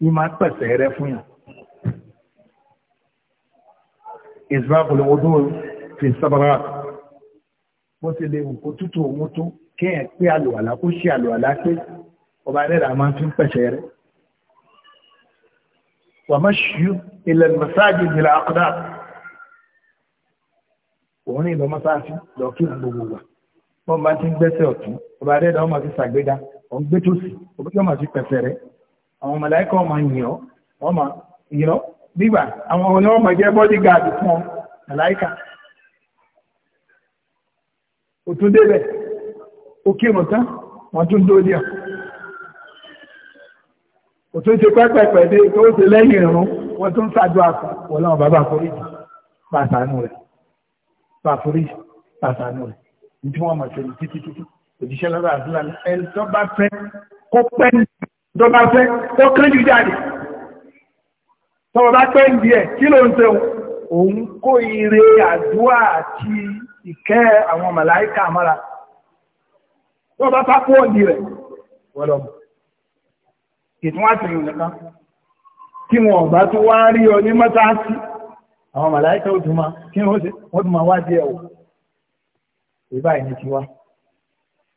yìí máa pẹ̀sẹ̀ rẹ fún yàn. ìsìláàpùlù ọdún fi sábàrà bó ti lè wù kó tútù òun tó kéèyàn pé àlùwàlá kó ṣe àlùwàlá pé ọba rẹ̀ rà máa fi ń pẹ̀sẹ̀ rẹ̀. wàmáṣíú ilẹ̀ mẹ́sáàjì ìjìlá àkọ́dá òun ní ìlọ mọ́sáàfí lọ́kí gbogbo wa wọ́n bá ti ń gbẹ́sẹ̀ ọ̀tún ọba rẹ̀ rà máa fi ṣàgbéga òun gbé tòsí òun yóò máa fi pẹ̀sẹ̀ rẹ̀ àwọn màláíkà ọmọ yìí ọ́ wọ́n máa yìí ọ́ nígbà àwọn ọ̀nà ọmọ jẹ́ bodyguard fún màláíkà ó tún débẹ̀ ó kírun tán wọ́n tún dóde ọ̀ ó tún ṣe pẹ́pẹ́pẹ́ dé tó ṣe lẹ́yìn ìrún wọ́n tún ṣáájú àpò wọ́n láwọn bàbá àforíjì bá sànú rẹ̀ bá àforíjì bá sànú rẹ̀ ní tí wọ́n mọ̀ sí títí títí òjíṣẹ́ lọ́dọ̀ àdúrà ẹni tó bá fẹ́ kó pẹ́ nípa tó bá fẹ́ tó kéré jù jáde tọ́wọ́ bá pẹ́ ìdí ẹ̀ kí ló ń tẹ́ òun kó ire àdúrà àti ìkẹ́ àwọn màláíkà mọ́ra tó bá pápọ̀ òdì rẹ̀ wọ́lọ́ ìtún wá tìrìn nìkan kí wọn ọ̀bá tó wá rí ọ ní mọ́tàásí àwọn màláíkà òtún ma kí wọ́n tún ma wá dí ẹ̀wọ̀ ìbáyìí ni ti wá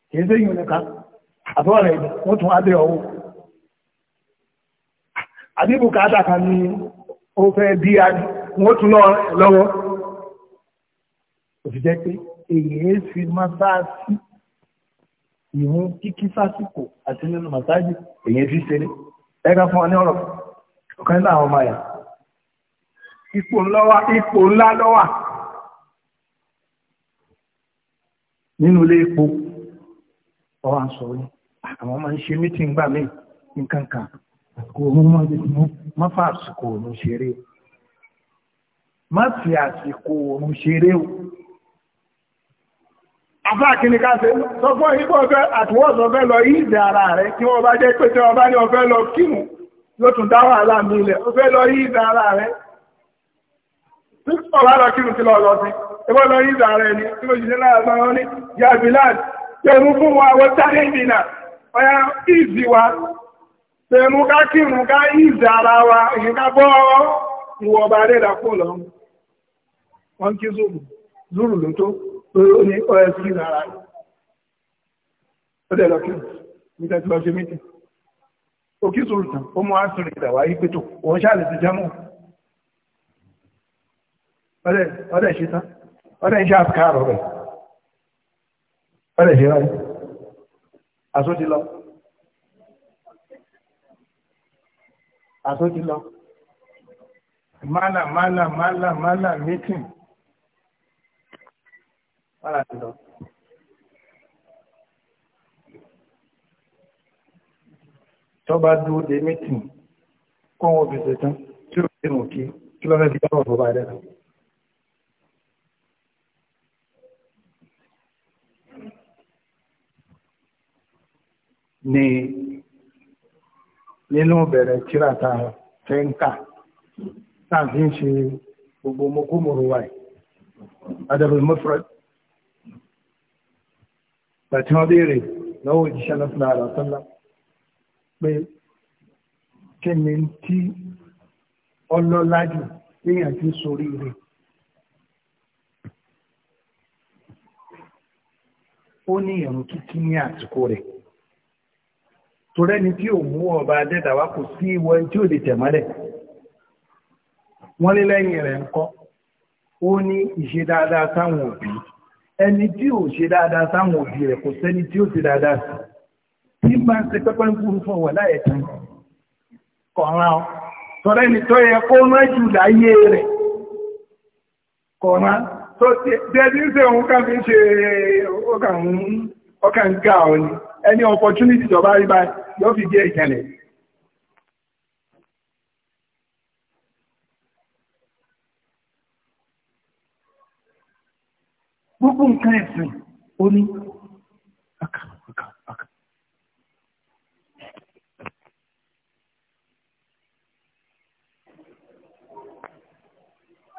kìí sí yìí nìkan àtọ́rẹ̀ ìdí wọ́n tún wá dé ọwọ́ àbí bùkátà kan ní ó fẹ́ bí wọ́n tún lọ́wọ́ òṣìṣẹ́ pé èyí fi masáàsì ìhun kíkí sásìkò àti nínú masáàjì èyí fi ṣeré ẹgbẹ́ fún ọ ní ọ̀rọ̀ ọ̀kan nínú àwọn ọmọ yà ipò ńlá lọ́wà nínú ilé epo ọwọ́ àṣọ ah, àwọn ọmọ ń ṣe mítìngbà míì nǹkan kan àsìkò òun mọ́ ibi tí má fà àsìkò òun ṣeré o má fi àsìkò òun ṣeré o àfá kìíní ká ṣe sọ fún ìbò ọ̀fẹ́ àtúwọ́sọ fẹ́ lọ ìdẹ ara rẹ̀ tí wọ́n bá jẹ́ pé tí wọ́n bá ní ọ̀fẹ́ lọ kírun ló tún dá wàhálà mi ilẹ̀ ó fẹ́ lọ ìdẹ ara rẹ̀ tí ọ̀bá lọ kírun ti lọ lọ sí ẹgbẹ́ lọ ìdẹ ara ẹni tí ló tẹnu ká kírun ká ìzà ara wa èyí ká bọ́ ìwọ̀ ọba rẹ̀dà kò lọ́rùn wọ́n kí zúrù zúrù ló tó lórí ó ní osc lára rẹ̀ ó dẹ̀ lọ kí ní tẹ́tí lọ sí mítì ó kí zúrù tán ó mú àṣírí ìdàwà yí pé tó òun ti jámù ọdẹ̀ ṣe tán ọdẹ̀ ṣe àṣkárọ̀ rẹ̀ ọdẹ̀ ṣe ráyé àṣó ti lọ àtúntí lọ mala mala mala mala meeting mala ti lọ. tọ́ba dúró de meeting kó wọn fi ṣetán tí ó ṣe mú kí kí lọ́fẹ́ fi dáwọ̀ bọ́ bá rẹ̀ ni nínú bẹ̀rẹ̀ tíráta tẹ́ńkà táà fi ń ṣe gbogbo mokomoro wa yìí adabul mufrad bàtí wọ́n béèrè lọ́wọ́ òjíṣẹ́ lọ́sùnà àlọ́sọ́lá pé kí ni tí ọlọ́lá jù léèyàn ti sórí rẹ̀ ó ní ìrùn kíkí ní àsìkò rẹ̀ torẹ́ ni tí ò mú ọba adẹ́dàwá kò sí ìwọ tí ò lè tẹ̀mọ́lẹ̀ wọ́n lé lẹ́yìn rẹ̀ ń kọ́ ó ní ìṣe dáadáa sáwọn òbí ẹni tí ò ṣe dáadáa sáwọn òbí rẹ̀ kò sẹ́ni tí ó ṣe dáadáa sí tí bá ń ṣe pẹ́pẹ́ ń kúrú fún ọ̀wọ̀ láyẹ̀ tán kọ̀ọ̀ràn ọ́ tọ́rẹ́ ni tọ́ yẹ kó rán jù láyé rẹ̀ kọ̀ọ̀ràn tó ti bí ẹni ń ṣe òun fi ṣe ọkàn ń ga ọ ni ẹni opportunity tó bá rí báyìí yóò fi jẹ́ ìkẹlẹ̀ gbogbo nǹkan ẹ̀sìn ó ní aka aka aka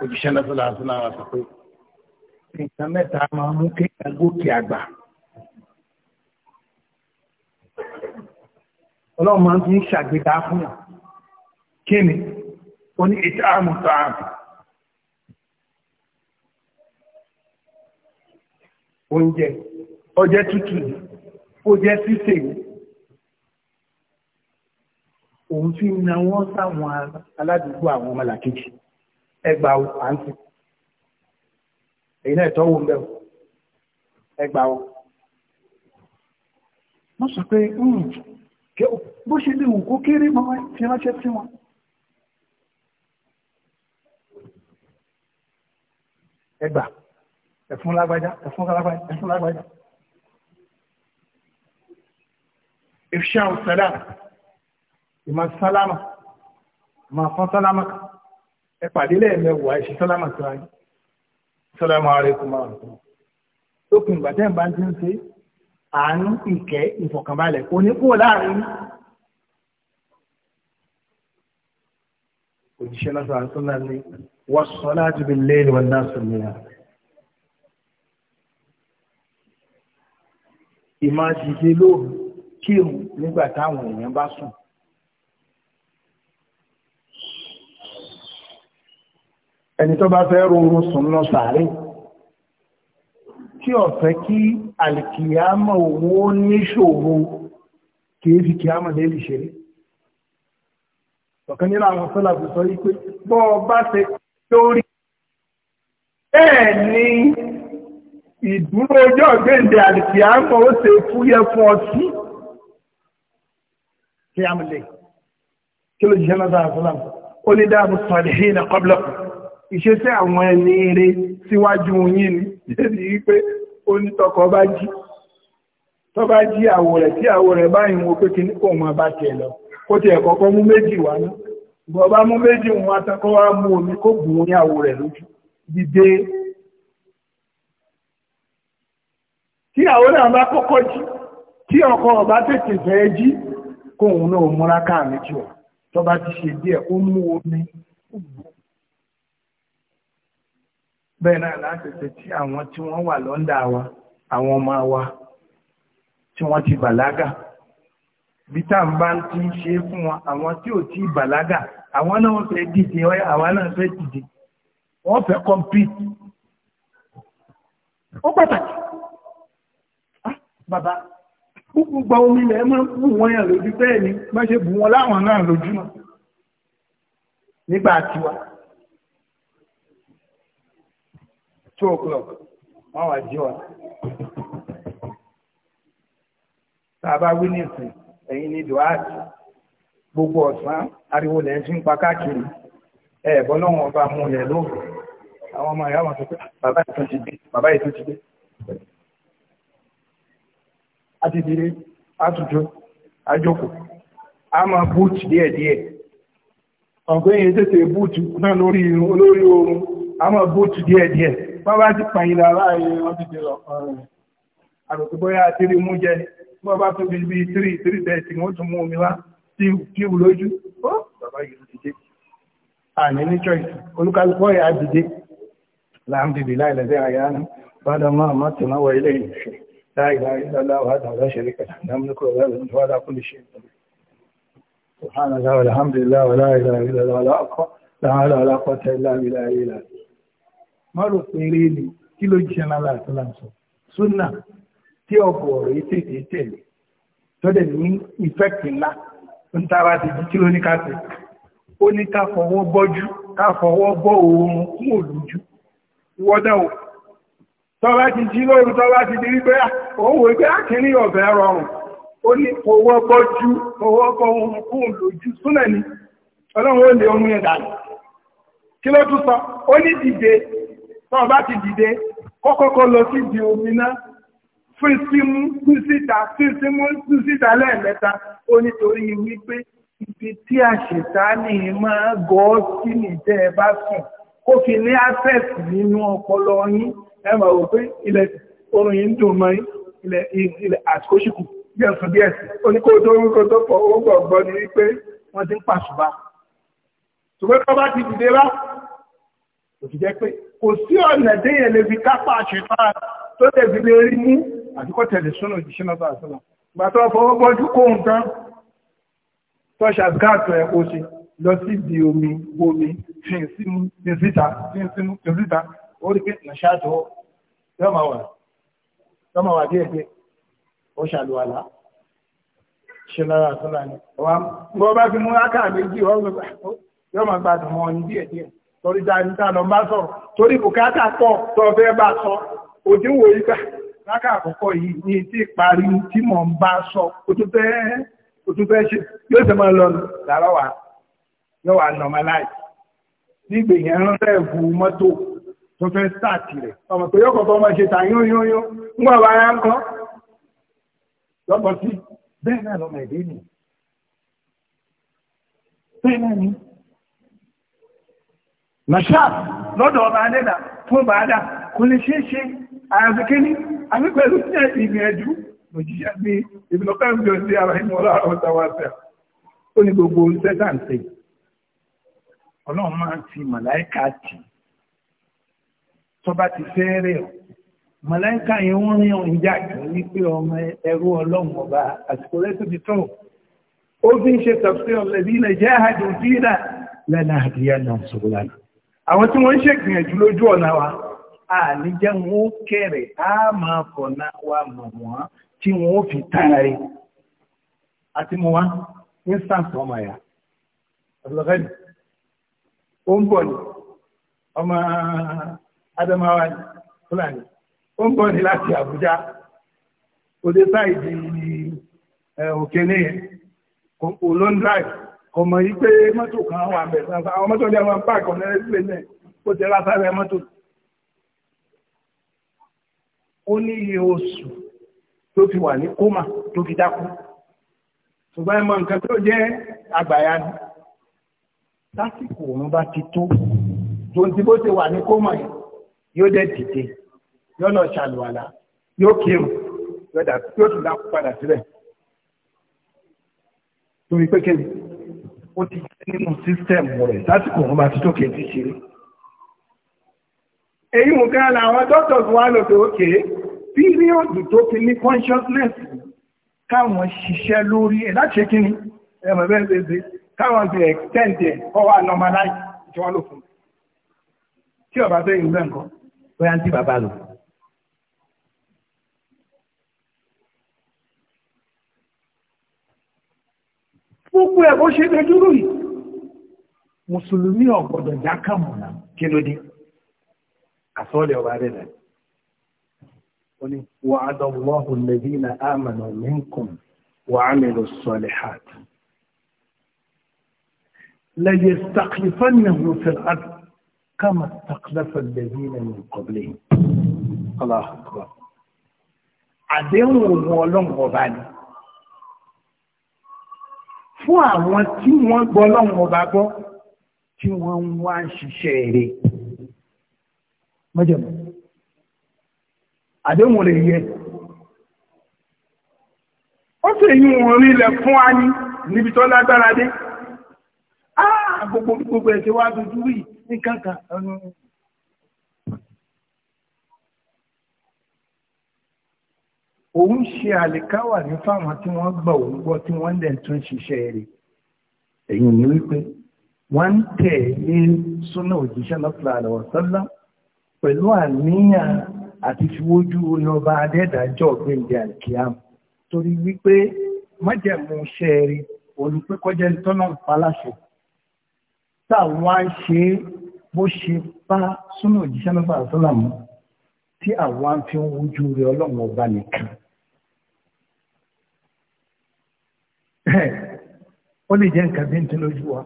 òjíṣẹ́ lọ́sọ̀lá àti náà wà sọ pé nǹkan mẹ́ta máa mú kéèyàn gòkè àgbà ọlọ́run máa ń ń ṣàgbéga fún yàn kí ni ó ní ètò àmùtọ̀ ààbò oúnjẹ ọjẹ́ tútù ó jẹ́ òun fi na wọ́n sáwọn aládùúgbò àwọn ọmọlàkejì ẹgbà àǹtí èyí náà ìtọ́wò ń bẹ̀rù ẹgbà ọ sọ pé hmm, bó ṣe lè wù kó kéré mọ́ ti ránṣẹ́ sí wọn ẹgbà ẹ̀fún lágbájá ẹ̀fún lágbájá ẹ̀fún lágbájá ìfṣà òṣèlá ìmọ̀ sálámà ìmọ̀ fún sálámà ẹ̀pàdé lẹ́ẹ̀mẹ́wàá ìṣẹ́ sálámà tó ayé sálámà alaikum márùn-ún lókùn àánú ìkẹ́ ìfọ̀kànbalẹ̀ kò ní kúrò láàrin òjíṣẹ́ lọ́sọ̀ àtúnlá ní wọ́n sọ láti bí lẹ́yìn wọn náà sọ ní ìmá dìde lóòrùn kírun nígbà táwọn èèyàn bá sùn ẹni tó bá fẹ́ rọrùn sùn lọ sàárè tí ọ̀fẹ́ kí alìkìyàmọ̀ owó níṣòro kìí fi kìyàmọ̀ lélì ṣeré ọ̀kan nínú àwọn sọ́làbù sọ wípé bọ́ bá ṣe lórí bẹ́ẹ̀ ni ìdúró ọjọ́ gbẹ̀ǹdẹ̀ alìkìyàmọ̀ ó ṣe fúyẹ́ fún ọtí kìyàmọ̀ lè kí ló jíṣẹ́ náà sọ́làbù ó ní dáàbò sọ̀rọ̀ ìṣesẹ́ àwọn ẹni eré síwájú yín ni débi wípé ó ní tọkọ bá jí tọ bá jí àwò rẹ̀ tí àwò rẹ̀ báyìí wo pé kí ní kò mọ bá tẹ̀ lọ kó tiẹ̀ kọ́kọ́ mú méjì wá ná bọ̀ bá mú méjì wọn atakọ́ wá mú omi kó gùn ní àwò rẹ̀ lójú dìde tí àwọn náà bá kọ́kọ́ jí tí ọkọ ọba tètè fẹ́ jí kóhun náà múra káà méjì wá tọ́ bá ti ṣe díẹ̀ ó mú omi ó gbọ́ bẹ́ẹ̀ náà láti ṣe tí àwọn tí wọ́n wà lọ́ndà wa àwọn ọmọ wa tí wọ́n ti bàlágà bí tá n bá ti ń ṣe fún wọn àwọn tí ò tí bàlágà àwọn náà fẹ́ dìde àwọn náà fẹ́ dìde wọ́n fẹ́ compete ó pàtàkì ah, bàbá púpù gba omi ilẹ̀ ẹ máa ń bù wọ́n yàn lójú bẹ́ẹ̀ ni má ṣe bù wọn láwọn náà lójú náà nígbà tiwa two o'clock wọ́n wá jí wa tá a bá wí nísìn ẹ̀yin ní duwáàtì gbogbo ọ̀sán ariwo lẹ́yìn tí ń pa káàkiri ẹ̀ bọ́ lọ́wọ́n ọba mú ilẹ̀ lóòrùn àwọn ọmọ ìyá wọn sọ pé ah, bàbá ìtún ti dé bàbá ìtún ti dé a ti dìde a tuntun a jókòó a máa búùtù díẹ̀díẹ̀ ọ̀gbẹ́yìn tètè búùtù náà lórí oorun a máa búùtù díẹ̀díẹ̀ wọ́n bá ti pàyìn lára rẹ̀ wọ́n ti dèrò ọ̀kan rẹ̀ àròkè bóyá àtìrí mú jẹ bí wọ́n bá tún bí bí tírì tírì bẹ́ẹ̀ tí wọ́n tún mú omi wá tí ìwù lójú ó bàbá yìí ló dìde àní ní choice olúkálùkọ́ yà á láàmdìdì láìlẹ́sẹ̀ àyánu bàdà máa má tì máa wọ ilé ìṣe láìláì lọ́láwà àdàlá ṣe rí kẹta lámúlùkọ́ láìlẹ́sẹ̀ tó wà lákùlù ṣe سبحان الله má rò ni kí ló jíṣẹ́ lára súnà tí ọ̀rọ̀ yìí tètè ní ńlá ti di kí ló ní ká ṣe ó ní ká fọwọ́ bọ́jú ká fọwọ́ bọ́ ò tọ́lá ti jí lóru tọ́lá ti di wípé ah, òun ọ̀bẹ ah, rọrùn ó ní fọwọ́ bọ́jú fọwọ́ ni ọlọ́run ó sọ ó tọ́wọ́ bá ti dìde kọ́kọ́kọ́ lọ sí di omi náà fún símú fún síta fún símú fún síta lẹ́ẹ̀mẹ́ta ó nítorí wípé ibi tí àṣetánì máa gọ́ sí nìjẹ́ ẹ bá sùn kó fi ní access nínú ọpọlọ yín ẹ mọ̀ wò pé ilẹ̀ oorun yìí ń dùn mọ́ ilẹ̀ àsìkò ṣìkù bí ẹ̀sùn bí ẹ̀sìn oníkóòtò orúkọ tó fọ owó gbọ̀ngbọ̀n ni wípé wọ́n ti ń pàṣùbà ṣùgbọ́n tó bá ti dìde bá òṣìṣẹ́ pé kò sí ọ̀nà déyẹ̀ lè fi kápá àṣetá tó lè fi lè rí mú àtikọ́ tẹ̀lé súnà òjíṣẹ́ náà bá àṣọlá gbà tó fọwọ́ bọ́jú kó nǹkan tó ṣàgáàtò ẹ̀ kó ṣe lọ sí ibi omi omi fi sínú fi síta fi sínú fi síta ó rí pé nàṣàtò yóò máa wà yóò máa wà díẹ̀ díẹ̀ ó ṣàlùwàlá ṣe lára mú ákà méjì wọ́n yóò máa gbádùn mọ́ ọ ní díẹ̀ díẹ̀ torí dáadáa lọ bá sọ̀rọ̀ torí bùkátà pọ̀ tó fẹ́ bá sọ òdíwò ìgbà láká àkọ́kọ́ yìí ní tí parí tí mọ̀ ń bá sọ òtúfẹ́ ṣe yóò tẹ́ mọ́ lọ lárọ́wà yóò wà normalize nígbè yẹn rẹ̀ bu mọ́tò tó fẹ́ sáàtì rẹ̀ ọmọ tó yọkọ̀ fọmọ ṣe ta yún yún yún ń gbọ́ bá yá ń kọ́ lọ́pọ̀ sí bẹ́ẹ̀ náà lọ́mọ ẹ̀dẹ́ nì mashab lọ́dọ̀ ọba adẹ́dà fún bàádà kò lè ṣe é ṣe àyàfikẹ́ni àbí pẹ̀lú ìgbìyànjú òjíṣẹ́ bí ìbìlọ́pẹ́ ń bíọ̀ sí ara ìmọ̀ ọlọ́run ọ̀tá wa sẹ́ ó ní gbogbo sẹ́tàǹtì ọlọ́run máa ń fi màláìka tì tọ́ba ti fẹ́ẹ́rẹ́ ọ̀ màláìka yẹn ń rin ó fi ń ṣe tafsir ọ̀lẹ́bí ilẹ̀ jẹ́ àjòjì náà lẹ́nà àdìyẹ náà sọ̀rọ̀ àwọn tí wọ́n ń ṣègbìyànjú lójú ọ̀nà wa a ní jẹ́ wọn ó kéré a máa fọ̀nà wa mọ̀ wọ́n tí wọ́n ó fi tààrà rẹ̀ àti mọ̀ wá instance ọmọ ẹ̀yà ọ̀lọ́gẹ́ni ó ń bọ̀ ní ọmọ Adamawa ní Fúlàní ó ń bọ̀ ní láti Àbújá òde sáìdì olóńdráìdì. Eh, kọmọ yìí pé mọ́tò kan wà bẹ̀ sáfà àwọn mọ́tò ní àwọn páàkì ọ̀nà ẹgbẹ́ náà ó ti rá sáré mọ́tò ó ní iye oṣù tó fi wà ní kómà tó fi dákú ṣùgbọ́n ẹmọ nǹkan tó jẹ́ àgbàyà ni lásìkò òun bá ti tó tó ń ti bó ṣe wà ní kómà yìí yóò dẹ̀ dìde yóò lọ ṣàlùwàlà yóò kírun yóò tún dákú padà sílẹ̀ torí pé kéde ó ti jẹ́ nínú sísítẹ̀mù rẹ̀ lásìkò wọn bá ti tó kéèké ṣe. èyí mú ká làwọn doctors wá lò pé ókè píríọ̀dù tó fi ní consciousness káwọn ṣiṣẹ́ lórí ẹ̀ láti ṣe kíni ẹ̀mọ̀ bẹ́ẹ̀ bẹ́ẹ̀ bẹ́ẹ̀ káwọn ti extend ẹ̀ kọ́ wá normalize tí wọ́n tí ọba fẹ́ ìlú ẹ̀ ń kọ́ bóyá ń tí bàbá lò gbogbo ẹ̀ bó ṣe dojúrú yìí mùsùlùmí ọ̀gbọ̀dọ̀ jákàmùnà kí ló dé àsọ́ọ̀lẹ̀ ọba rẹ̀ rẹ̀ ó ní wà á dọ̀wọ́hùn lẹ́bí na àmàlà الله wà á mẹ́lò sọ̀lẹ̀ hàt fún àwọn tí wọ́n gbọ́ lọ́wọ́ ọba gbọ́ tí wọ́n ń wá ṣiṣẹ́ rẹ̀ mọ́jọ̀mọ́ àdéhùn rẹ̀ yẹ ó sì yí wọn rílẹ̀ fún a ní níbi tó lágbára dé ah, gbogbo gbogbo ẹ̀ tí wá dojú rí ní kankan òun ṣe àlèkáwà ní fáwọn tí wọ́n gbà òun gbọ́ tí wọ́n dẹ̀ tún ṣiṣẹ́ rẹ̀ èyí ni wípé wọ́n ń tẹ̀lé súnà òjíṣẹ́ lọ́pàá àlọ́wọ̀ sọ́lá pẹ̀lú àníyàn àti fiwójú orí ọba adẹ́dàjọ́ gbẹ̀ǹdẹ̀ àkíyàm torí wípé májẹ̀mú ṣẹ́ rí olùpẹ́kọ́jẹ́ tọ́nà paláṣẹ táwọn á ṣe bó ṣe bá súnà òjíṣẹ́ lọ́pàá àlọ́wọ̀ sọ́lá mú tí àwọn fi ń wójú orí ọlọ́run ọba nìkan ó lè jẹ́ nǹkan bí n tí lójú wa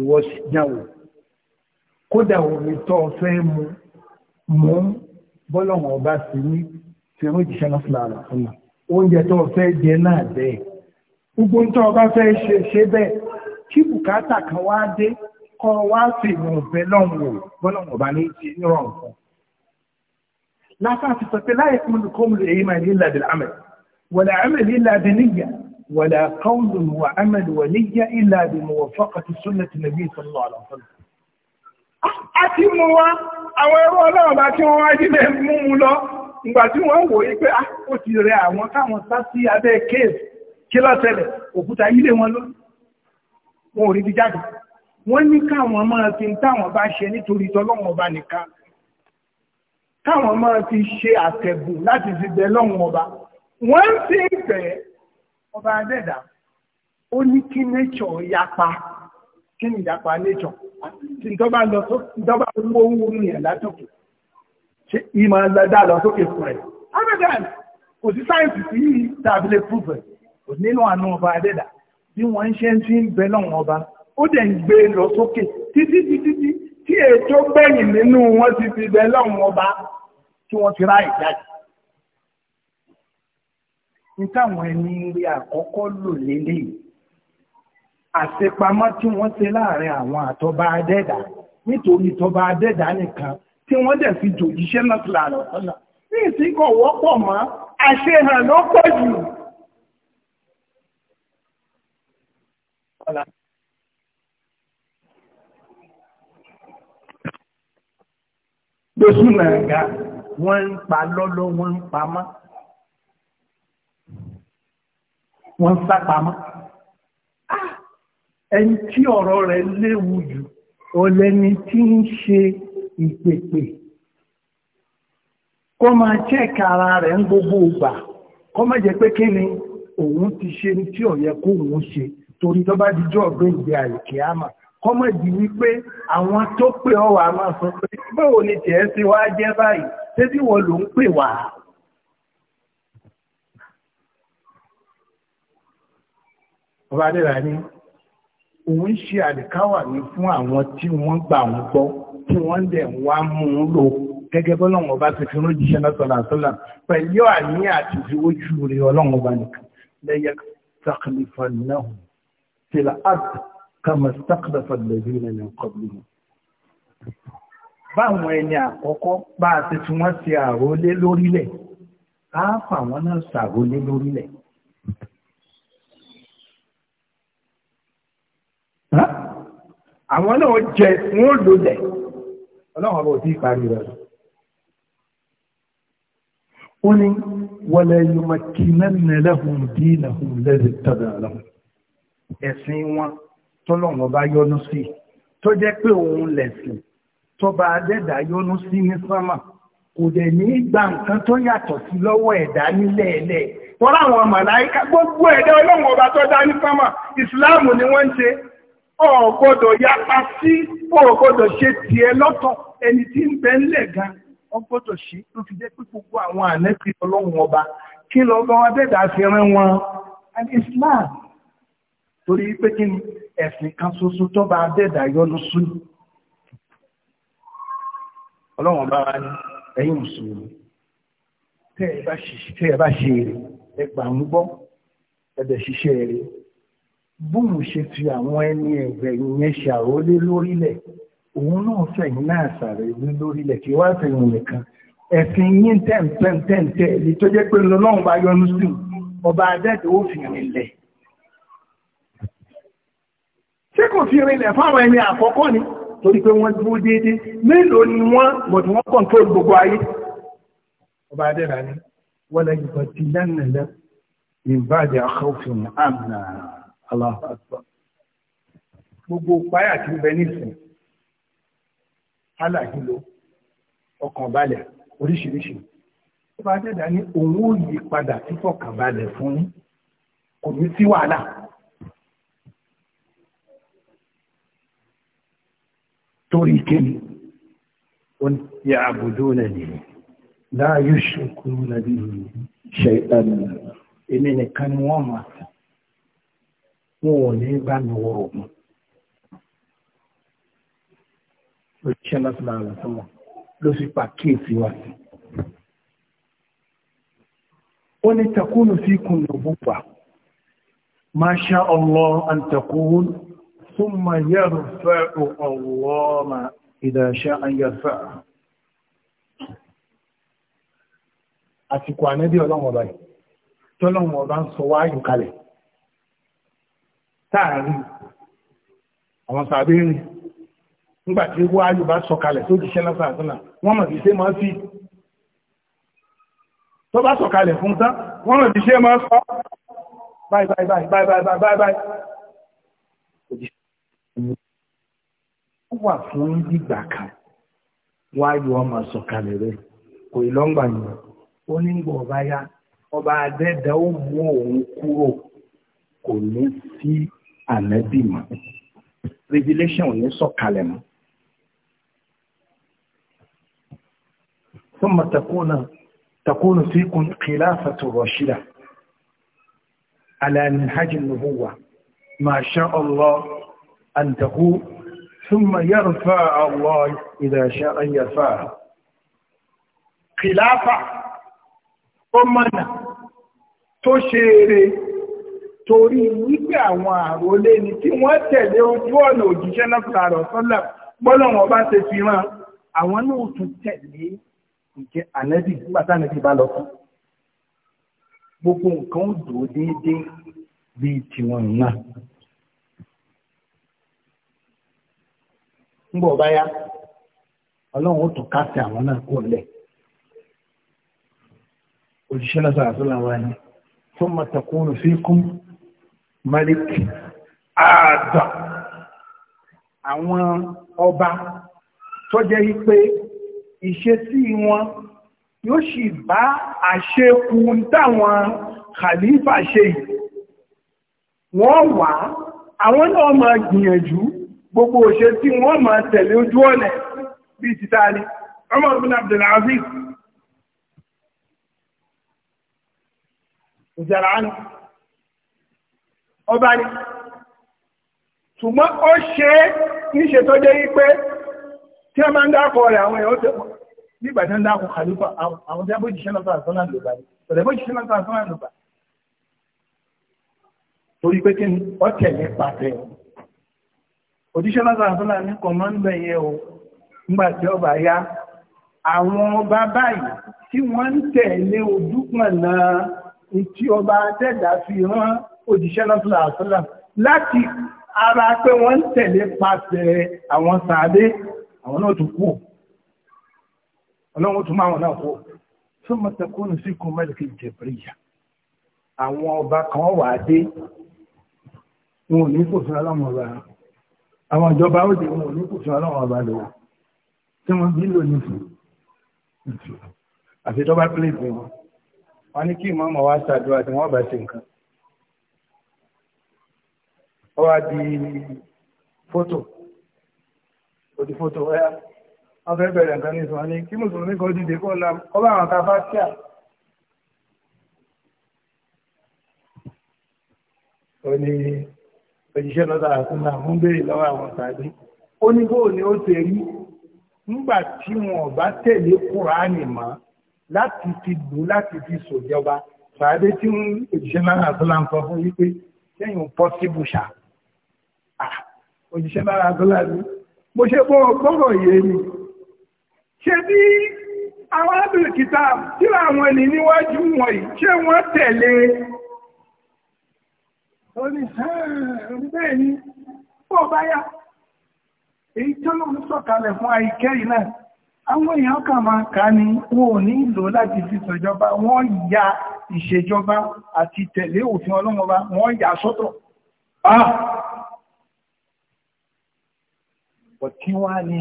ìwọ dáwò kódà omi tó fẹ́ mu mú bọ́lọ̀wọ̀n ọba sí ní tí ó jíṣẹ́ náà fúnra rẹ̀ fún oúnjẹ tó fẹ́ jẹ náà bẹ́ẹ̀ gbogbo tó ọba fẹ́ ṣe ṣe bẹ́ẹ̀ kí bùkátà kan wá dé kọ́ wá sí ìwọ̀n ọ̀fẹ́ lọ́wọ́ bọ́lọ̀wọ̀n ọba ní ti nírọ̀rùn fún láfáà ti sọ pé láyé kúmùlùkọ́mùlù èyí máa ní ìlàdìlámẹ̀ wọ̀lẹ̀ àmì ìlàdìníyà ولا قول وعمل ولي إلا بموافقة سنة النبي صلى الله عليه وسلم àti mú wá àwọn ẹrú ọlọ́run tí wọ́n wá jílẹ̀ mú mú lọ ìgbà tí wọ́n wò yí pé ah, ó ti rẹ àwọn káwọn sá sí abẹ́ kéèsì kí lọ́sẹ̀lẹ̀ òkúta ilé wọn ló wọn ò rí bí jáde wọ́n ní káwọn máa fi táwọn bá ṣe nítorí tọ́lọ́wọ́n ọba nìkan káwọn máa fi ṣe ọba adẹ́dà ó ní kí nature yapa kí ni ìyapa nature tí ìjọba lọ tó ìjọba owó owó yẹn látòkè ṣe ìmọ̀ ẹ̀dá lọ sókè fún ẹ̀ abẹ́dàn kò sí sáyẹ̀nsì sí tàbílẹ̀ púpẹ̀ kò nínú àánú ọba adẹ́dà bí wọ́n ń ṣe ń fi ń bẹ náà ọba ó dẹ̀ ń gbé lọ sókè títí títí tí ètò gbẹ̀yìn nínú wọn ti fi bẹ lọ́wọ́n ọba tí wọ́n ti ráyè jáde nítàwọn ẹni rí àkọ́kọ́ lò lélẹ̀ àṣepamọ́ tí wọ́n ṣe láàrin àwọn àtọba adẹ́dà nítorí tọba adẹ́dà nìkan tí wọ́n dẹ̀ fi jòjíṣẹ́ náà lànà ọ̀nà ní ìsìnkọ̀ wọ́pọ̀ mọ́ àṣehàn ló pọ̀ jù. Gbèsùn nàgà wọ́n ń pa lọ́lọ́ wọ́n ń pamọ́. wọ́n ń sápamọ́ ah! ẹni tí ọ̀rọ̀ rẹ̀ léwu jù ọlẹ́ni tí ń ṣe ìpèpè kó máa chẹ́ẹ̀kì ara rẹ̀ ń gbogbo ìgbà kó má jẹ́ pé kí ni òun ti ṣe ní tí ó yẹ kó òun ṣe torí tó bá dijọ́ ọ̀gbẹ́ ìgbé àìkè àmà kó má di wípé àwọn tó pè ọ́ wà máa sọ pé báwo ni tiẹ̀ ṣe wá jẹ́ báyìí ṣé bí wọ́n ló ń pè wá. ọba adẹ́ra ní òun ṣe àdìkáwà ní fún àwọn tí wọ́n gbà wọ́n gbọ́ tí wọ́n dẹ̀ wá mú un lò gẹ́gẹ́ bọ́ lọ́wọ́ ọba ti fi ránjíṣẹ́ lọ́sọ̀lá sọ́lá pẹ̀lú àní àti ìfiwójú rẹ̀ ọlọ́wọ́ ọba nìkan lẹ́yẹ sàkìlìfọ̀nàhùn tìlà àt kàmà sàkìlìfọ̀nàhùn ní kọ̀bí báwọn ẹni àkọ́kọ́ bá a ti fi wọ́n ṣe àrólé lórílẹ̀ á fà náà ṣàrólé lórílẹ̀ àwọn náà jẹ wọn ò lòlẹ̀ ọlọ́run ọba ò tí ì parí rẹ̀ ó ní wọlé yọmọ kìnnẹ́nà lẹ́hùn dínà hùn lẹ́sẹ̀ tọ́jà lọ́hùn ẹ̀sìn wọn tọ́lọ́run ọba yọ́nú sí adẹ́dà yọ́nú sí ní sámà kò dẹ̀ ní gba nǹkan tó yàtọ̀ sí lọ́wọ́ ẹ̀dá nílẹ̀ ẹ̀lẹ̀ wọ́n láwọn màláíkà gbogbo ẹ̀dá ọlọ́run ọba tó dá ní sámà ìsìláàmù ni wọ́n ń ṣe ọ̀gbọ́dọ̀ yapa sí ọ̀gbọ́dọ̀ ṣe tiẹ̀ lọ́tọ̀ ẹni tí ń bẹ ńlẹ̀ gan ọ̀gbọ́dọ̀ ṣe ló fi jẹ́ pé gbogbo àwọn ànẹ́bí ọlọ́run ọba kí lọ bá wọn dẹ́dà fi rán wọn and Islam torí pé kí ni ẹ̀sìn kan ṣoṣo tó bá dẹ́dà yọnu sún ọlọ́run ọba wa ní ẹ̀yin mùsùlùmí tẹ́ ẹ bá ṣe ẹgbàá ń gbọ́ ẹ̀dẹ̀ ṣiṣẹ́ rẹ̀ bóun ṣe fi àwọn ẹni ẹ̀gbẹ́ yẹn ṣàrólé lórílẹ̀ òun náà fẹ̀yìn náà ṣàrólé lórílẹ̀ kí wá fẹ̀yìn nìkan ẹ̀sìn yín tẹ̀ǹtẹ̀ǹtẹ̀ èyí tó jẹ́ pé lọ́lọ́run bá yọnu sí ọba adẹ́dẹ̀ ó fi rinlẹ̀ ṣé kò fi rinlẹ̀ fáwọn ẹni àkọ́kọ́ ni torí pé wọ́n dúró déédé mélòó ni wọ́n bọ̀dù wọ́n kọ̀ǹtólù gbogbo ayé ọba adẹ́dẹ̀ ni wọ́n lẹ́yìn bọ̀dù lẹ́nà lẹ́ ìbàdí àkọ́fìn àmì náà Allahu Akbar gbogbo páyà tí ń bẹ nísìn aláhìlò ọkàn balẹ̀ oríṣiríṣi ó bá dẹ́dà ní òun ó yí padà tí fọkàn balẹ̀ fún kò ní sí wàhálà torí kéni ó ní yà àbùdó nàní la yushrikuna bihi shay'an èmi nìkan ni wọ́n máa sàn wọn ò ní bá mi wọ òògùn. òṣìṣẹ́ náà sọ̀rọ̀ àwọn ọ̀sán wọn ló fi pàkíyèsí wa sí. ó ní takunu sí kun nubuwa masha Allah an takun thumma yarfa'u Allah ma idha sha'a an yarfa'u. àsìkò ànẹ́bí ọba yìí tọ́lọ́wọ̀n ọba ń sọ wáyù kalẹ̀ táàrí àwọn sàbẹ̀rì nígbà tí wáyù bá sọ̀kalẹ̀ tó jíṣẹ́ lásán àtúnà wọ́n mọ̀ sí ṣe máa fi tó bá sọ̀kalẹ̀ fún tán wọ́n mọ̀ sí ṣe máa sọ báyìí báyìí báyìí báyìí báyìí báyìí wà fún ìgbà kan wáyù ọmọ sọ̀kalẹ̀ rẹ̀ kò ìlọ́ngbà yìí ó ní gbọ̀ báyá ọba adẹ́dà ó mú òun kúrò kò ní sí ànábì mọ́ revelation ò ní sọ̀kalẹ̀ mọ́. ثم تكون تكون فيكم خلافة راشدة على منهج النبوة ما شاء الله أن تكون ثم يرفع الله إذا شاء أن يرفعها خلافة أمنا تشيري torí wípé àwọn àrólé ni tí wọ́n tẹ̀lé ojú ọ̀nà òjíṣẹ́ náà fún àrọ̀ sọ́lá bọ́lọ̀ wọn bá ṣe fi rán àwọn náà tún tẹ̀lé ìjẹ́ ànẹ́bì nígbà tánẹ́bì bá lọ fún gbogbo nǹkan ó dùn ó déédéé bíi tiwọn náà ń bọ̀ báyá ọlọ́run ó tún kásẹ̀ àwọn náà kó lẹ̀ òjíṣẹ́ náà sọ̀rọ̀ sọ́lá wa ni tó máa tẹ̀kọ́ malik adam àwọn ọba tó jẹ́ wípé ìṣesí wọn yóò sì bá àṣekù táwọn khalifa ṣe yìí wọ́n wà àwọn náà máa gbìyànjú gbogbo ìṣesí wọ́n máa tẹ̀lé ojú ọ̀nà bí títà ní Umar bin Abdul Aziz ìjàrá náà ọba ni ṣùgbọ́n ó ṣe é níṣe tó jẹ́ wípé tí wọ́n máa ń dákọ̀ rẹ̀ àwọn èèyàn tó nígbà tí wọ́n dákọ̀ kàlùkọ̀ àwọn tí wọ́n bó jìṣẹ́ lọ́sàn àtọ́nà lòbá ni ọ̀rẹ́ bó jìṣẹ́ lọ́sàn àtọ́nà lòbá torí pé kí ni ọ tẹ̀lé pàtẹ́ òjíṣẹ́ lọ́sàn àtọ́nà ní kọ̀mọ́ńdọ̀ yẹn o nígbà tí ọba ya àwọn ọba báyìí tí wọ́n ń tẹ̀lé ojúkànnà tí ọba tẹ̀dá fi rán òjíṣẹ́ lọ́sọ̀lá àṣọlá láti ara pé wọ́n ń tẹ̀lé pàṣẹ àwọn sàádé àwọn náà tún kú ọlọ́run tún máa wọn náà kú fún mọ́tẹ́kùnù sí kún mẹ́lìkì jẹ̀bìrìyà àwọn ọba kan wà dé wọn ò ní kò fún ọlọ́run ọba àwọn ìjọba ó dé wọn ò ní kò fún ọlọ́run ọba lọ́wọ́ tí wọ́n bí lónìí fún àfi tó bá pèlè fún wọn wọn ní kí ìmọ̀ ọmọ wa ṣàdúrà tí wọ́n bá ṣe nǹkan ó wá di fótò ó di fótò ẹ́yà wọ́n fẹ́ bẹ̀rẹ̀ nǹkan ní ìsọ̀rọ̀ ní kí mùsùlùmí kan dìde kó la kọ́ bá àwọn kafa tíà ó ní òjíṣẹ́ lọ́dà àkúnná mú béèrè lọ́wọ́ àwọn tàbí ó ní bóò ni ó ti rí nígbà tí wọn ò bá tẹ̀lé kúránì mọ́ láti fi dùn láti fi ṣòjọba tàbí tí òjíṣẹ́ lọ́dà àkúnná sọ fún wípé sẹ́yìn pọ́sibù ṣáà òjíṣẹ́ lára àtọ́lá ní mo ṣe bọ́ gbọ́rọ̀ yìí ni ṣe bí àwọn ábìlì kìtà tí àwọn ẹni níwájú wọn yìí ṣé wọ́n tẹ̀lé ni pọ̀ báyá èyí tó ló ń sọ̀kalẹ̀ fún àìkẹ́ yìí náà àwọn èèyàn kà máa kà ní wọn ò ní ìlò láti fi ṣèjọba wọ́n ya ìṣèjọba àti tẹ̀lé òfin ọlọ́mọba wọ́n ya sọ́tọ̀ ah! bọ̀ kí wá ní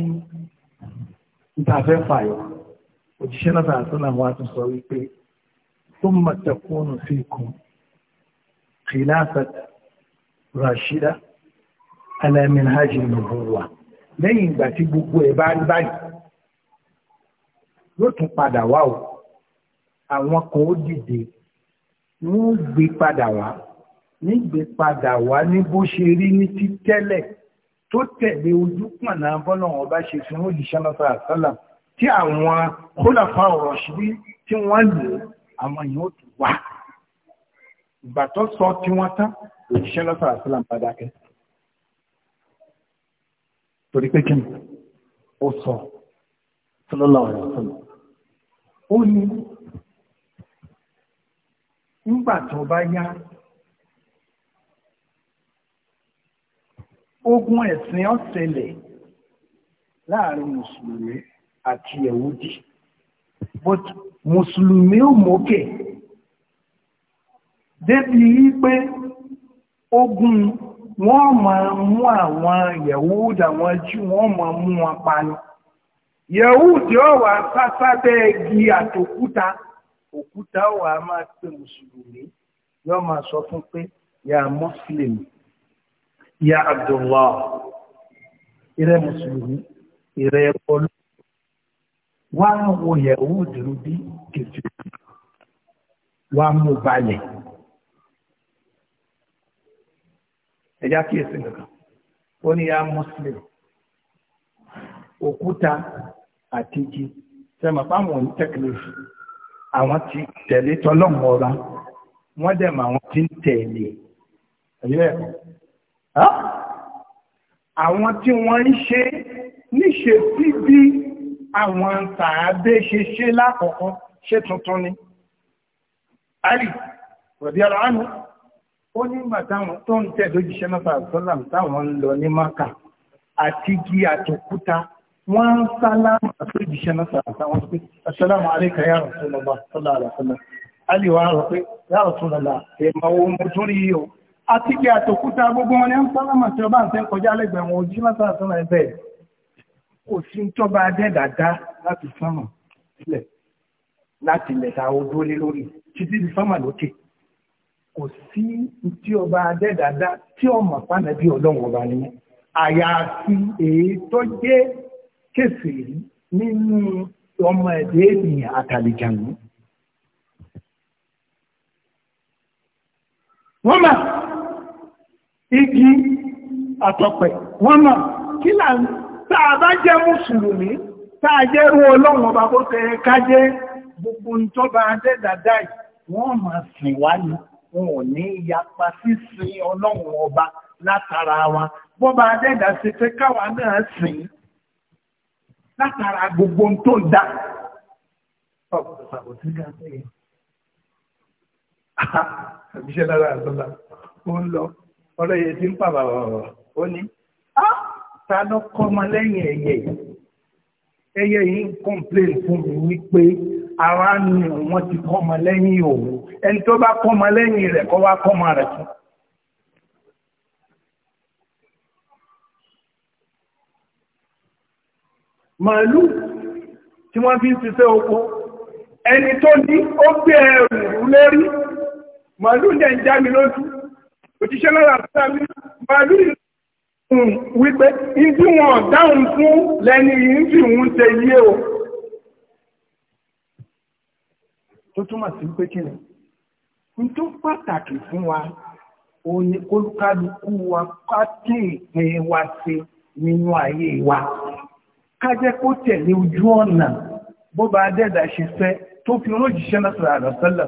ìtafẹ́ fàyọ̀ òjíṣẹ́ náà àtúnà wa tún sọ wípé tó mọ̀ tẹ̀kùnù sí ikùn khilafat rashida ala minhaj nubuwa lẹ́yìn ìgbà tí gbogbo ẹ̀ bá rí báyìí yóò tún padà wá o àwọn kan ó dìde wọ́n gbé padà wá nígbé padà wá ní bó ṣe rí ní títẹ́lẹ̀ tó tẹ̀lé ojú pọ̀nà bọ́nà ọba ṣe fún òjìṣẹ́ lọ́sà àsálà tí àwọn kólàfà ọ̀rọ̀ ṣíbí tí wọ́n lò àwọn yóò tún wá ìgbà tó sọ tí wọ́n tán òjìṣẹ́ lọ́sà àsálà padàkẹ́ torí pé kí ni ó sọ sọlọ́lá ọ̀rọ̀ sọlọ ó ní nígbà tó bá yá ogun ẹ̀sìn ó ṣẹlẹ̀ láàrin mùsùlùmí àti yẹ̀wúdì but mùsùlùmí ò mókè débi wípé ogun wọ́n máa mú àwọn yẹ̀wúdì àwọn jú wọ́n máa mú wọn pani yẹ̀wúdì ó wà sásábẹ́ igi àtòkúta òkúta ó wà máa pe mùsùlùmí yóò máa sọ fún pé yà mùsùlùmí ya Abdullah ìrẹ́ mùsùlùmí ìrẹ́ bọ́lú wá ń wo yẹ̀wò dúró bí kejì wá mú balẹ̀ ẹ̀já kíyèsí nìkan ó ní ya muslim òkúta àti igi sẹ́mọ̀ fáwọn onítẹ́kìlẹ́sì àwọn ti tẹ̀lé tọ́lọ́mọ ọba wọ́n dẹ̀ àwọn ti ń tẹ̀lé ẹ̀yọ́ àwọn tí wọ́n ń ṣe níṣe sí bí àwọn tàbí ṣe ṣe lákọ̀ọ́kọ́ ṣe tuntun ni Ali rọ̀bí ọ̀rọ̀ ánú ó ní màtáwọn tó ń tẹ̀ lójíṣẹ́ náà sọ́là táwọn ń lọ ní Mákà àti igi àtòkúta wọ́n ń sálámà lójíṣẹ́ náà sọ́là táwọn pé Ali wà rọ̀ pé ya Rasulullah èèmọ̀ àti kí àtòkúta gbogbo wọn ní ń sálámà tí ọba àti ẹnkọjá lẹ́gbẹ̀ẹ́ wọn ojú lásán sọ́nà ẹ̀bẹ̀ kò sí ń tọ́ba adẹ́dàdá láti sánmà sílẹ̀ láti ilẹ̀ ta odó lé lórí títí di sánmà lókè kò sí tí ọba adẹ́dàdá tí ọmọ pàdé ọlọ́run ọba ni àyàfi èyí tó jẹ́ kẹsìrì nínú ọmọ ẹ̀dẹ́ ènìyàn àtàlìjànú. wọ́n mà igi àtọ̀pẹ̀ wọ́n mà kí là ń tá a bá jẹ́ mùsùlùmí tá a jẹ́ rú ọlọ́run ọba bó tẹ ká jẹ́ gbogbo ìjọba adẹ́dàdá yìí wọ́n mà sìn wá ni wọn ò ní yapa sísìn ọlọ́run ọba látara wa bọ́ba adẹ́dà ṣe fẹ́ káwa náà sìn látara gbogbo tó da ọ̀pọ̀ ìgbà tó yẹ àbíṣẹ́ lára àgbọ́lá ó ń lọ ọ̀rọ̀ yẹn ti ń pàbà ọ̀rọ̀ ó ní ta ló kọ́ ọmọ lẹ́yìn ẹ̀yẹ yìí ẹ̀yẹ yìí ń complain fún mi wípé ara ni wọ́n ti kọ́ ọmọ lẹ́yìn òun ẹni tó bá kọ́ ọmọ lẹ́yìn rẹ̀ kọ́ wá kọ́ ọmọ rẹ̀ fún. màálù tí wọ́n fi ń ṣiṣẹ́ oko ẹni tó ní ó gbé ẹrù lérí màálù ń dẹ̀ ń já mi lójú òjíṣẹ́ lọ́la sáàmì màálù ìrìn um, wípé ibi wọn dáhùn fún lẹ́ni yìí fi ń ṣe yé o tó túmọ̀ sí pé kí ni n tó pàtàkì fún wa òní kólúkálukú wa ká tí ìpín wa ṣe nínú ayé wa ká jẹ́ kó tẹ̀lé ojú ọ̀nà bó ba dẹ́dà ṣe fẹ́ tó fi rán òjíṣẹ́ náà sọ̀rọ̀ àdọ̀sọ́lọ̀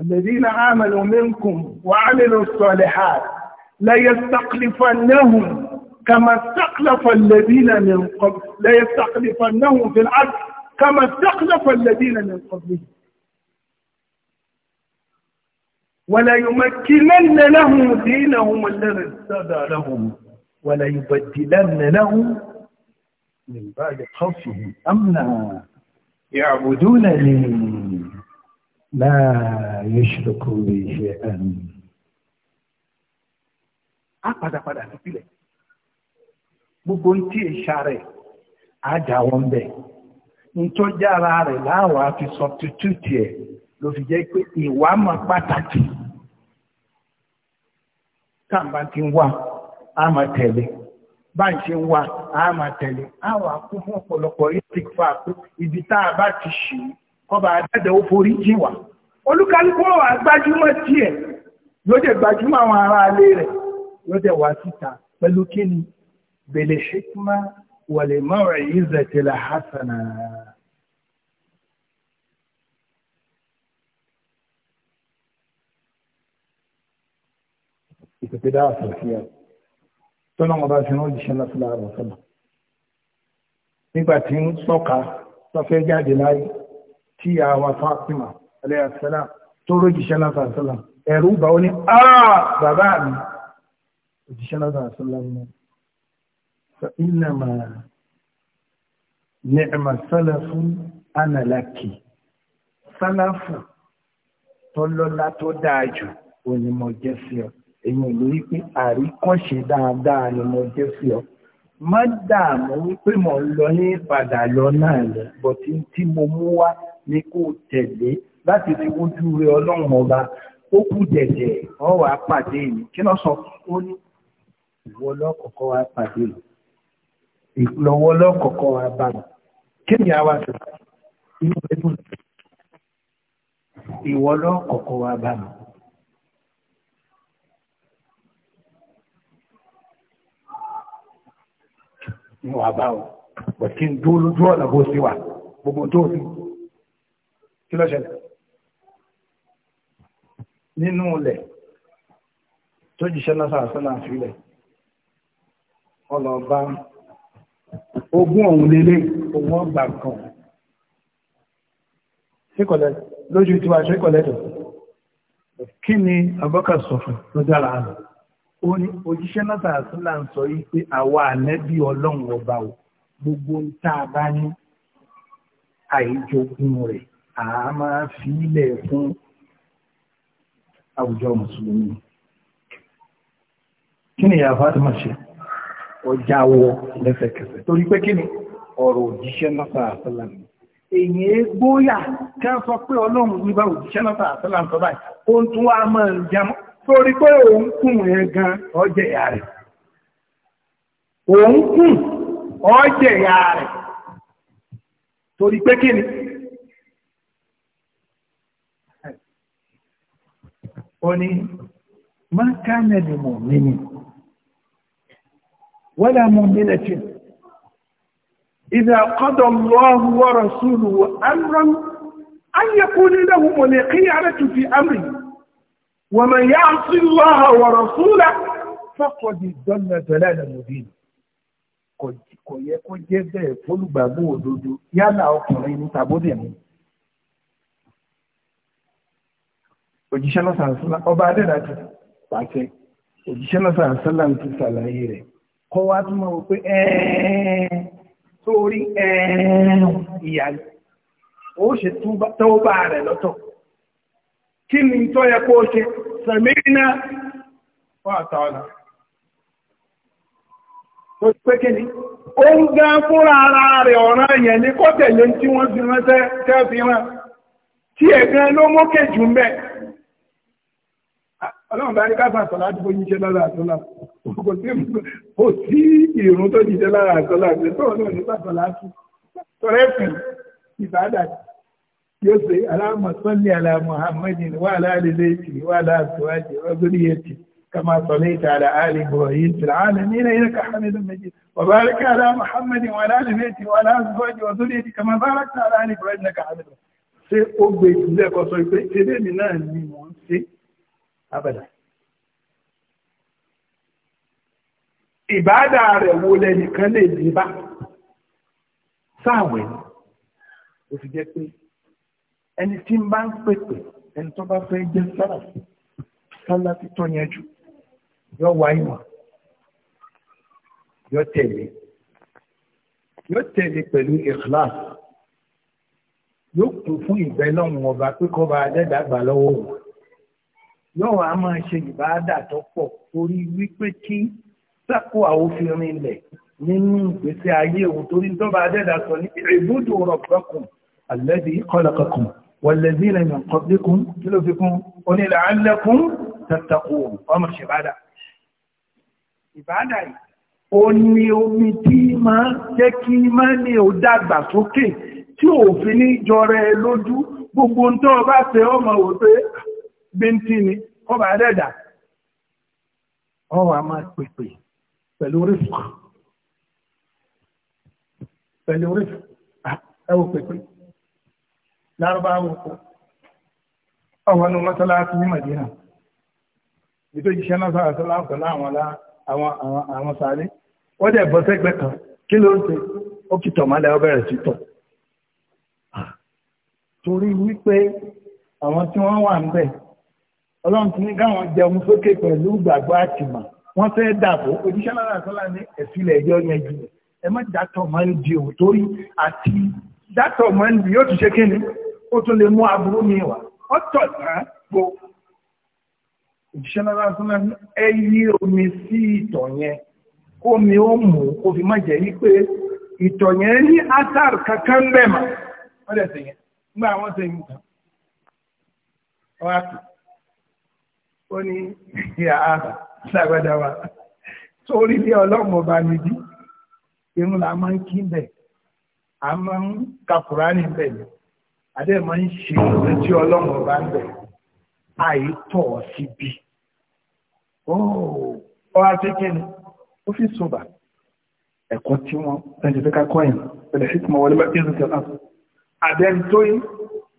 الذين آمنوا منكم وعملوا الصالحات لا يستخلفنهم كما استخلف الذين من قبل لا يستخلفنهم في الأرض كما استخلف الذين من قبلهم ولا يمكنن لهم دينهم الذي ارتدى لهم ولا يبدلن لهم من بعد خوفهم أمنا يعبدونني لا يشرك به شيئا a padà padà gbogbo ń tí ìṣà rẹ̀ àjàwọ̀ ń bẹ̀ nítọ́jára rẹ̀ láwọn àti substitute ẹ̀ ló fi jẹ́ pé ìwà mọ̀ pàtàkì táàbà nwa ama tele àwọn ibi tá a bá kọba àdájọ́ ó forí jì wá olúkálùkù wà gbajúmọ̀ tiẹ̀ yóò dẹ̀ gbajúmọ̀ àwọn ará alé rẹ̀ yóò dẹ̀ wá síta pẹ̀lú kíni bèlè ṣíkúmá wàlẹ̀ mọ́rẹ̀ yìí zẹ̀tẹ̀lẹ̀ hasana. ìpèpè dáhà sọ̀fíà tọ́nà ọba fi hàn jíṣẹ́ lọ́sọ̀lá àrùn sọ́nà nígbà tí ń sọ́ka tọ́fẹ́ jáde láyé tí a wà Fátímà aláyàsálà tó rójìṣẹ́ lásàásálà ẹ̀rù bá ó ní àà ah, bàbá mi òjìṣẹ́ lásàásálà ní ìnàmà ni'ma sálàfún ànàlákì sálàfù tó lọ́lá tó dáa jù òní mo jẹ́ sí ọ èyàn lórí pé àríkọ́ṣe dáadáa ni mo jẹ́ sí ọ má dààmú wípé mo lọ ní padà lọ náà lọ bọ̀tí tí mo mú wá ní kó tẹ̀lé láti fi wójú rẹ ọlọ́run ọba ó kú dẹ̀dẹ̀ ọ wàá pàdé mi kí lọ sọ ó ní ìwọ lọ́kọ̀ọ́kọ́ wàá pàdé mi ìlọ́wọ́ lọ́kọ̀ọ́kọ́ wàá bá mi kí ni àwa sọ inú ẹ̀dùn ìwọ lọ́kọ̀ọ́kọ́ wàá bá mi. ni wàá bá wọn bọ̀ kí n dúró lójú ọ̀nà bó ṣe wà gbogbo tó ṣe kí ló ṣẹlẹ̀ nínú ilẹ̀ tó jíṣẹ́ lọ́sà àṣọ́là àfilẹ̀ ọlọ́ọ̀bá ogún ọ̀hún lélẹ̀ òun ọgbà kan síkọ̀lẹ̀ lójú tí wàá síkọ̀lẹ̀ tó kí ni abọ́kà sọ fún tó dára àná ó ní òjíṣẹ́ lọ́sà àṣọ́là sọ yìí pé àwa ànẹ́bí ọlọ́run ọba o gbogbo ń tá a bá ní àìjogún rẹ̀ a máa fi ilẹ̀ fún àwùjọ mùsùlùmí kí ni ìyá Fatima ṣe ọjà wọ lẹ́sẹ̀kẹsẹ̀ torí pé kí ni ọ̀rọ̀ òjíṣẹ́ náà àtàlà ni èyí gbóyà ká sọ pé ọlọ́run ní bá òjíṣẹ́ náà àtàlà sọ báyìí ó wá máa ń jámọ́ torí pé òun kùn yẹn gan ọjẹ́ ìyá rẹ̀ òun kùn ọjẹ́ ìyá rẹ̀ torí pé kí ni ó ní máa kánẹ̀lì mọ̀ nínú wọ́dà mọ̀ nílẹ̀ tí إذا قضى الله ورسوله أمرا أن يكون لهم الخيارة في أمره ومن يعص الله ورسوله فقد ضل ضلالا مبينا kò yẹ kó jẹ́ bẹ́ẹ̀ fólùgbàgbọ́ òdodo òjíṣẹ́ náà sàásánlá ọba adẹ́dà ti pàṣẹ òjíṣẹ́ náà sàásánlá ti ṣàlàyé rẹ̀ kọ́ wá tún mọ̀ pé ẹ̀ẹ́n sórí ẹ̀ẹ́n ìyá ó ṣe tọ́ba rẹ̀ lọ́tọ̀ kí ni tó yẹ kó ṣe sẹ̀mínà fún àtàwọn tó pé kí ni ó ń gán fúnra ara rẹ̀ ọ̀ràn yẹn ní kọ́tẹ̀lé tí wọ́n fi ránṣẹ́ tẹ́ fi rán tí ẹ̀gán ló mọ́kè jù mẹ́ẹ̀ ọlọ́run bá ní káfà sọ láti kó yíṣẹ́ lára àtọ́lá kò sí ìrún tó yíṣẹ́ lára àtọ́lá ṣe tó ọlọ́run ní pàtó láti tọrẹ fún ìbádà yóò ṣe aláàmọ̀ sọ́ni àlà Muhammad wà láàlélẹ́ ìtì wà láàtúwájì ọdúnrí ẹtì kama sọlẹ́ ala ali Ibrahim tìlá àlẹ́ nílẹ̀ yẹn ká hamidu méjì وبارك على محمد وعلى آل بيته وعلى أزواجه وذريته كما باركت على آل إبراهيم إنك حميد مجيد. ṣé ó gbé ìdílé ẹ̀kọ́ sọ pé abẹ́dà ìbáadà rẹ̀ wo lẹ́nìkan lè dé bá sáàwẹ̀ ni ó fi jẹ́ pé ẹni tí ń bá ń pèpè ẹni tó bá fẹ́ jẹ́ sára sálá títọ́ yẹn jù yọ wá ìwọ̀n yọ tẹ̀lé yóò tẹ̀lé pẹ̀lú ikhlas yóò kún fún ìbẹ́ lọ́wọ́ ọba pé kọ́ bá dẹ́dàgbà wọn yóò wá máa ṣe ìbáàdà tó pọ̀ torí wípé kí sákò àwòfin ilẹ̀ nínú ìgbésí ayé òun torí tọ́ba adẹ́dà sọ ní ìbúdò rọ̀bọ̀kùn alladhi khalaqakum walladhina min qablikum kí ló fi kún ó ní la'allakum tattaqun ọmọ ṣèbádà ìbáàdà yìí ó ní omi tí máa jẹ́ kí máa ní ò dàgbà sókè tí òfin ní jọrẹ lójú gbogbo ń tọ́ bá fẹ́ ọmọ òfin bíntì ni kọ́ba àdẹ́dà ọwọ́ a máa pèpè pẹ̀lú rífù pẹ̀lú rífù ẹwọ pèpè lárúbáwò kó ọwọ́ ní mọ́sálásí ní Madina ìtò ìṣẹ́ náà sọ̀rọ̀ sọ́lá pẹ̀lú àwọn àwọn sáré wọ́n dẹ̀ bọ́ sẹ́gbẹ́ kan kí ló ń ṣe ó kì tọ̀ mọ́lẹ̀ ó bẹ̀rẹ̀ sí tọ̀ torí wípé àwọn tí wọ́n wà ń bẹ̀ ọlọ́run ti ní káwọn jẹun sókè pẹ̀lú gbàgbọ́ àtìmọ̀ wọ́n fẹ́ dàbò òjíṣẹ́ lára sọ́lá ní ẹ̀sílẹ̀ ẹjọ́ yẹn jù ẹ má dátọ̀ máa ń di òun torí àti dátọ̀ máa ń di yóò tún ṣe kí ni ó tún lè mú aburú mi wá ọ́ tọ̀ náà gbo òjíṣẹ́ lára sọ́lá ní ẹ yí omi sí ìtọ̀ yẹn kó ó mú kó fi má jẹ́ yí pé ìtọ̀ yẹn ní ásàr kankan bẹ́ẹ̀ mà wọ́n dẹ̀ sẹ́yìn nígbà wọ́n sẹ́yìn tán wọ́n á ó ní ìyá ṣàgbàdà wa torí bí ọlọ́mọ bá ní bí irun la máa ń kí bẹ̀ a máa ń ka Kùránì bẹ̀ ni adé máa ń ṣe ìwé tí ọlọ́mọ bá ń bẹ̀ àìtọ́ síbi ó wá sí kí ni ó fi sùbà ẹ̀kọ́ tí wọ́n ẹni fẹ́ ká kọ́ yìí ẹ̀lẹ́sìtìmọ̀ wọlé bá kí ẹ̀sìn tẹ̀lá àdẹ́ni tó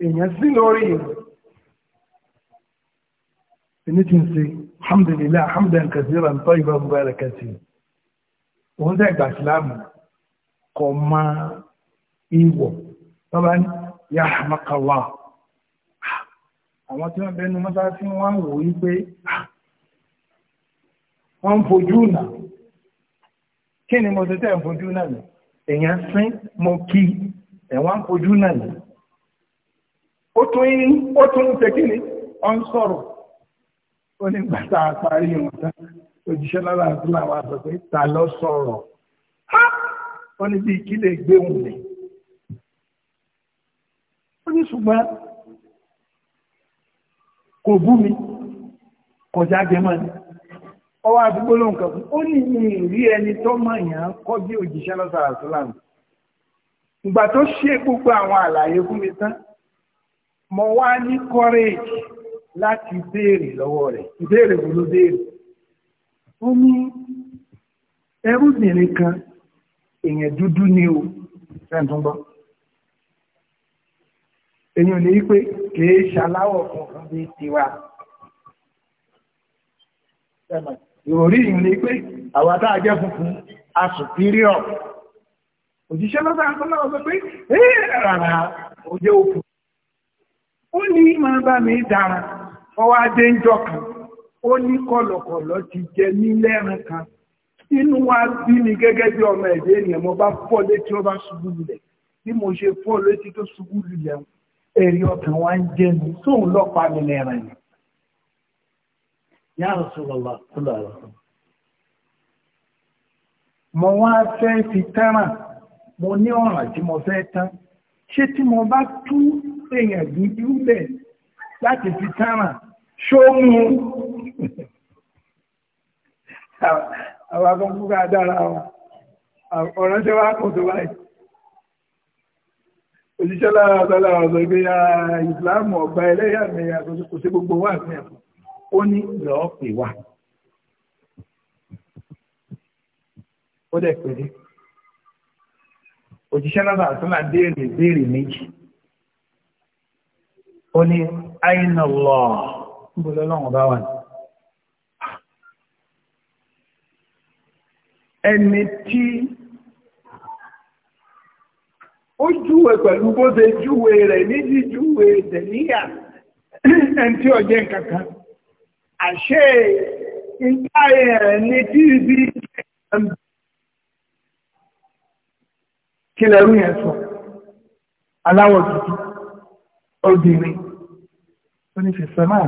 èèyàn sí lórí yìí èmi ti ń ṣe alhamdulillah hamdan kathiran tayyiban mubarakan fi òun dẹ́ ìgbà síláàmù kọ̀ máa ìwọ̀ tọ́ba ní yà àmàkàwà àwọn tí wọ́n bẹnu mọ́sáàtì wọ́n wò yí pé wọ́n ń fojú nà kí ni mo ti tẹ́ ń fojú nà ní èèyàn sín mo kí ẹ̀wọ́n ń fojú nà ní ó tún ń tẹ́kí ni ó ń sọ̀rọ̀ ó ní gbàtà parí wọn tán òjíṣẹ́ lára àti làwọn àṣọ pé ta ló sọ̀rọ̀ ha ó ní bí kí lè gbé òun ni ó ní ṣùgbọ́n kò bú mi kọjá gẹmọ́ ni ọwọ́ àdúgbò ló ń kàn fún ó ní ní ìrí ẹni tó mọ̀yàn kọ́ bí òjíṣẹ́ lọ́sàrà tó lànà ìgbà tó ṣe gbogbo àwọn àlàyé fún mi tán mo wá ní courage láti béèrè lọ́wọ́ rẹ̀ ìbéèrè wo ó ní ẹrúbìnrin kan èèyàn dúdú ni o ṣẹ́ntúngbọ́ èyí lè ní pé kìí ṣaláwọ̀ kankan bíi tiwa ìròrí ìyìn ní pé àwọn tá a funfun a superior òjíṣẹ́ lọ́sà pé rárá òkú ó ní máa bá mi dára ọwọ́ adé ń jọ kan ó ní kọ̀lọ̀kọ̀lọ̀ ti jẹ ní lẹ́ran kan inú wa bí mi gẹ́gẹ́ bí ọmọ ẹ̀dẹ́ ènìyàn mo bá fọ́ létí ó bá ṣubú lulẹ̀ bí mo ṣe fọ́ létí tó ṣubú lulẹ̀ ẹ̀rí ọkàn wa ń jẹ mi sóun lọ́pàá mi lẹ́ran yìí. Ya Rasulullah kúlọ̀ rẹ̀ mo wá fẹ́ fi tẹ́ràn mo ní ọ̀ràn tí mo fẹ́ tán ṣé tí mo bá tú èèyàn dúdú lẹ̀ láti fi tẹ́ràn ṣómú àwọn akọ́kúrò dára wọn ọ̀rọ̀ ṣe wá kùn tó báyìí òjíṣẹ́ lára ọ̀sọ̀ ìgbé ìsìláàmù ọ̀gbà ẹlẹ́yàmẹ̀yà kò sí gbogbo wà ó ní lọ́ọ́ pè níbo lọ́lọ́run bá wà ní. ẹni tí ó júwe pẹ̀lú bó ṣe júwe rẹ̀ ní jíjúwe dẹ̀níyà ẹni tí ọjẹ́ kankan àṣẹ ìgbáyé rẹ̀ ní tí ibi kí lẹ́rú yẹn sọ aláwọ̀ tuntun obìnrin ó ní fẹ̀fẹ̀ máa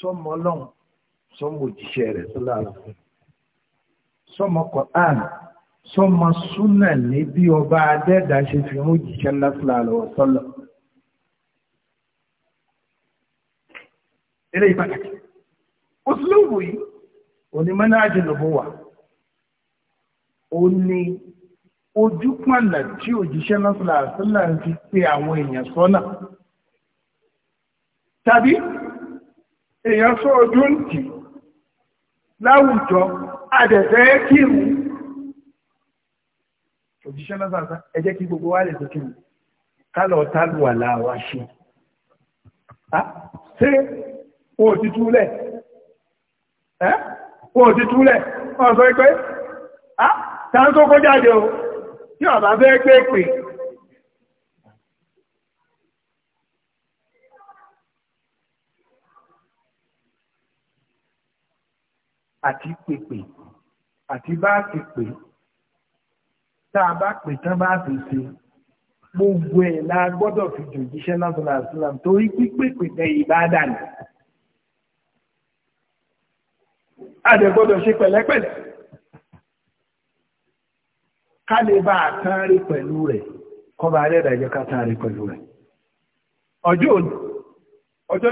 sọmọ ọlọ́run sọmọ òjíṣẹ́ rẹ̀ sọlá àlàfo sọmọ Qur'an sọmọ súnà ní bí ọba adẹ́dà ṣe fi mú òjíṣẹ́ lásìlá àlọ́wọ́ sọlọ. eléyìí pàtàkì òsínlóòwò yìí onímọ̀nà àjẹnàbọ̀ wà ó ní ojúpànà tí òjíṣẹ́ lásìlá àlọ́wọ́ sọlá ń fi pé àwọn èèyàn sọ́nà tàbí èèyàn sọ ojú ń tì láwùjọ adẹ̀fẹ́ kírun òjíṣẹ́ náà sàṣà ẹ jẹ́ kí gbogbo wa lè tó kírun kálọ̀ tálùwà láwa ṣe ṣé wọn ò ti túlẹ̀ ẹ́ wọn ò ti túlẹ̀ wọn sọ pé tá ń tó kó jáde o tí ọ̀bá fẹ́ pé pè àti pèpè àti bá ti pè tá a bá pè tán bá ti ṣe gbogbo ẹ̀ la gbọ́dọ̀ fi jòjíṣẹ́ lásìlá àṣìlá torí pípèpè tẹ ìbáadà ni. a dẹ̀ gbọ́dọ̀ ṣe pẹ̀lẹ́pẹ̀lẹ́ bá a pẹ̀lú rẹ̀ kọba rẹ̀rẹ̀ yọ ká pẹ̀lú rẹ̀. ọjọ́ òní ọjọ́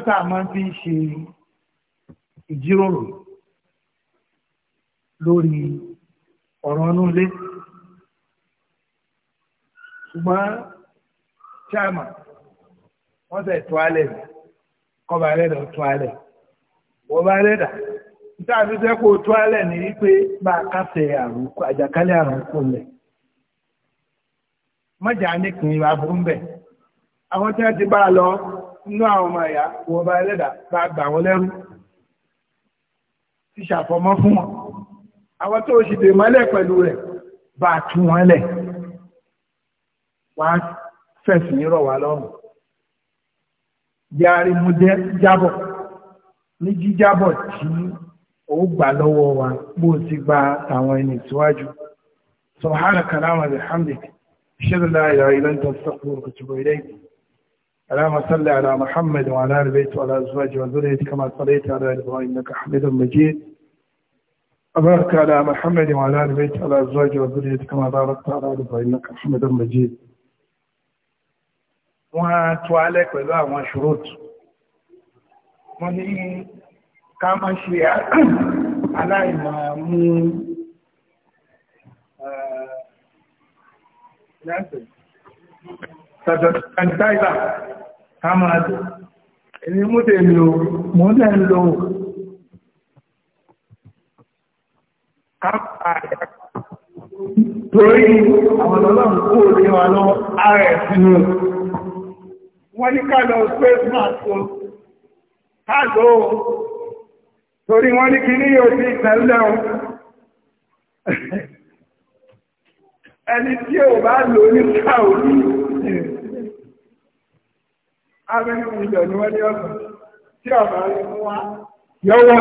lórí ọ̀rọ̀ ọnú ilé ṣùgbọ́n chairman wọ́n sẹ̀ tó alẹ̀ mi kọba alẹ́dà tó alẹ̀ wọ́n bá níta a kásẹ̀ àjàkálẹ̀ àrùn lẹ̀ nìkan ìwà burú wọ́n bá a lọ àwọn ọmọ ẹ̀yà wọ́n bá gbà wọ́n lẹ́rú àwọn tó ṣì dè mọ́lẹ̀ pẹ̀lú rẹ̀ bá tú wọn lẹ̀ wàá fẹ̀sì nírọ̀ wá lọ́rùn yàrá mo jẹ́ jábọ̀ ní jíjábọ̀ tí ó gbà lọ́wọ́ wa bó ti gba àwọn ẹni síwájú subhanaka allahumma wa bihamdika ashhadu an la ilaha illa anta astaghfiruka wa atubu ilayk اللهم صل على محمد وعلى آل بيته وعلى ازواجه وذريته كما صليت على ابراهيم انك حميد مجيد وبارك على محمد وعلى ال بيت على ازواجه وذريته كما باركت على ال فانك حميد مجيد wọ́n tó alẹ́ pẹ̀lú àwọn ṣòrótù wọ́n ní ká má ṣe aláìmọ̀ mú sanitizer ká máa dùn èmi mú tèmi o mò ń lẹ́ ń lo torí àwọn ọlọ́run kó lè wà lọ ara wọ́n ní ká lọ pé máa ká torí wọ́n ní ní o ẹni tí ò bá lò ní sáòdì abẹ́nu ìjọ ni wọ́n ní ọ̀sán tí ọ̀bá rẹ̀ mú wá yọ́wọ́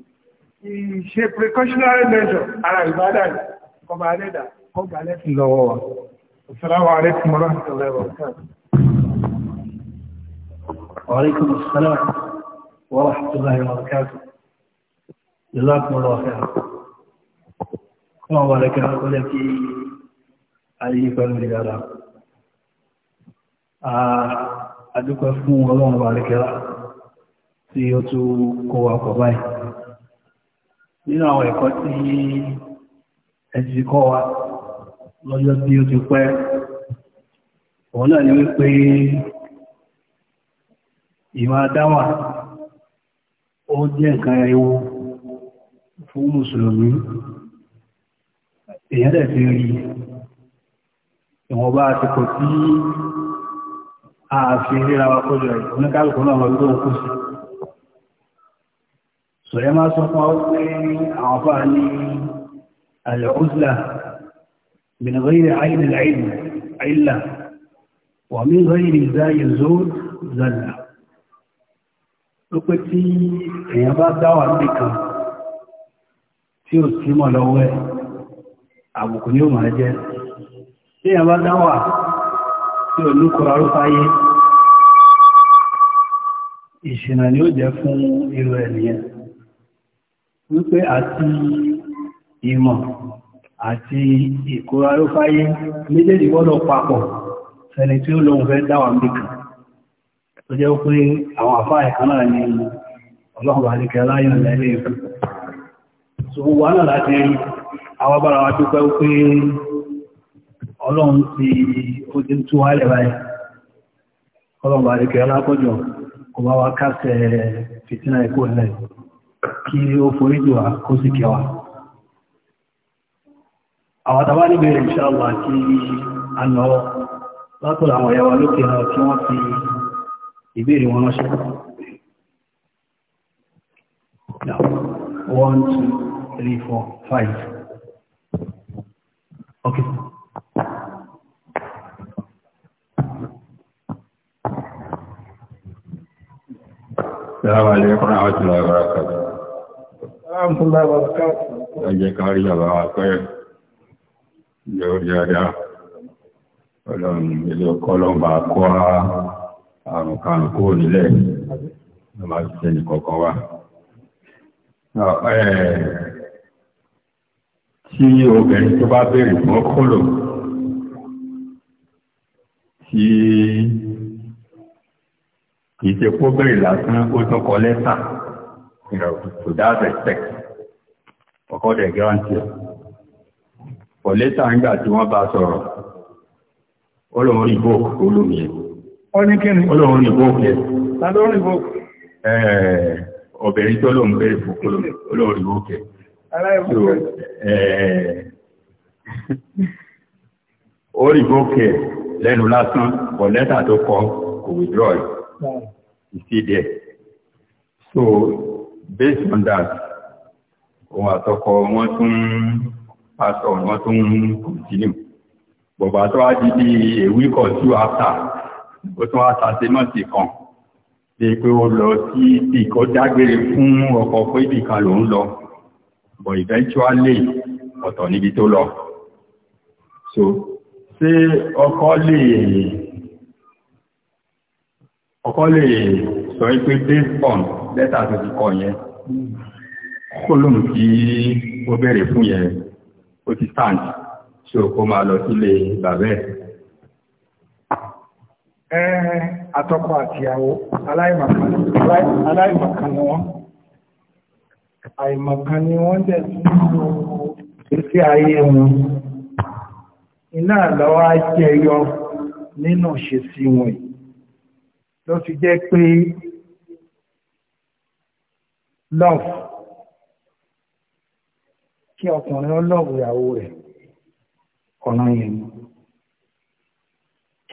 ìṣe precautionary measure ara ìbádà kọba alẹ́dà kọba alẹ́sìn lọ́wọ́ wa assalamu alaikum warahmatullahi wabarakatuh wa alaikum assalam wa rahmatullahi wabarakatuh jazakumullahu khairan wọ́n wà lẹ́kẹ́ ọlẹ́ kí ayé pẹ̀lú ìdára àdúgbẹ́ fún ọlọ́run wà lẹ́kẹ́ tí ó tún kọwàpọ̀ báyìí nínú àwọn ẹ̀kọ́ tí ẹ̀sì kọ́ wa lọ́jọ́ tí ó ti pẹ́ òun náà ni wípé ìmọ̀ dáwà ó jẹ́ nǹkan ewu fún mùsùlùmí èyàn dẹ̀ fi rí ìwọ̀nba àsìkò tí a fi ríra wa kójọ ìpínlẹ̀ kálùkù náà lọ́dún kù sí sọ̀rẹ́ máa sọ fún àwọn pé àwọn afá ní al-uzla min ghayri ayn al-illa wa min ghayri zayi zul zalla ó pé tí èèyàn bá dáwà nìkan tí ó sì mọ̀ lọ́wọ́ ẹ̀ àbùkù ni ó máa jẹ́ tí èèyàn bá dáwà tí ò lúkọ̀ọ́ arúfáyé ìṣìnà ni ó jẹ́ fún irú ẹ̀nìyàn wípé àti ìmọ̀ àti ìkórarúfáyé méjèèjì gbọ́dọ̀ papọ̀ fẹni tí ó lóun fẹ́ dáwà nìkan tó jẹ́ pé àwọn àfáà ẹ̀kan náà ni ọlọ́run bá níkẹ́ láyọ̀ ìfẹ́ so wà náà láti àwọn bára wa dúpẹ́ pé ọlọ́run ti ó ti báyìí ọlọ́run bá kò bá wa kásẹ̀ fìtínà ikú ẹ̀lẹ́yìn kí ó forí jù wá kó sì kẹwa àwọn tàbá níbi rẹ̀ ṣáàlá kí a nọ látọ̀lá àwọn ẹ̀yà wa lókè náà kí wọ́n fi ìbéèrè wọn ránṣẹ́ one two three four five okay السلام عليكم ورحمة الله وبركاته rahmatullahi wa barakatuh. Ẹjẹ́ kárí bàbá wa pẹ́ yóò dáadáa. Ọlọ́run ilé ọkọ́ lọ́mbà kọ́ àrùn kan kó nílẹ̀. Ọba ti ṣe ní kọ̀ọ̀kan wá. Tí obìnrin tó bá béèrè fún kólò tí kìí ṣe kó béèrè lásán ó tún kọ you know, to that respect. Ọkọ̀ dẹ̀ gírántì. For later nígbà tí wọ́n bá sọ̀rọ̀, olóhun rí bóòkù olómi ẹ̀. Ó ní kí ni? Olóhun rí bóòkù ẹ̀. Tàbí ó rí bóòkù? Ẹ̀ẹ̀ obìnrin tó lóhun bẹ̀rẹ̀ fún olóhun rí bóòkù ẹ̀. Aláìbóòkù ẹ̀. Ó rí bóòkù ẹ̀ lẹ́nu lásán, for later tó kọ kò withdraw it. Ìsídẹ̀. So based on that òun àtọkọ wọn tún pásọ wọn tún continue bọ̀bà tó wá di bí a week or two after ó tún wá sàṣe mọ́sí kan ṣe pé ó lọ sí ìkọ́ dágbére fún ọkọ̀ pé ibìkan lòún lọ but eventually ọ̀tọ̀ níbi tó lọ so ṣé ọkọ lè ọkọ lè sọ pé based on lẹ́tà tó ti kọ yẹn kó lóun tí ó bẹ̀rẹ̀ fún yẹn ó ti stand ṣe òkó máa lọ sílé bàbẹ́ ẹ̀ atọ́kọ àtìyàwó aláìmọ̀kan ni wọ́n àìmọ̀kan ni wọ́n dẹ̀ tún lò ìfí ayé wọn iná àlọ́wọ́ jẹyọ nínú ṣe sí wọn ló fi jẹ́ pé love kí ọkùnrin ọlọ́wọ̀ ìyàwó rẹ̀ ọ̀nà yẹn ni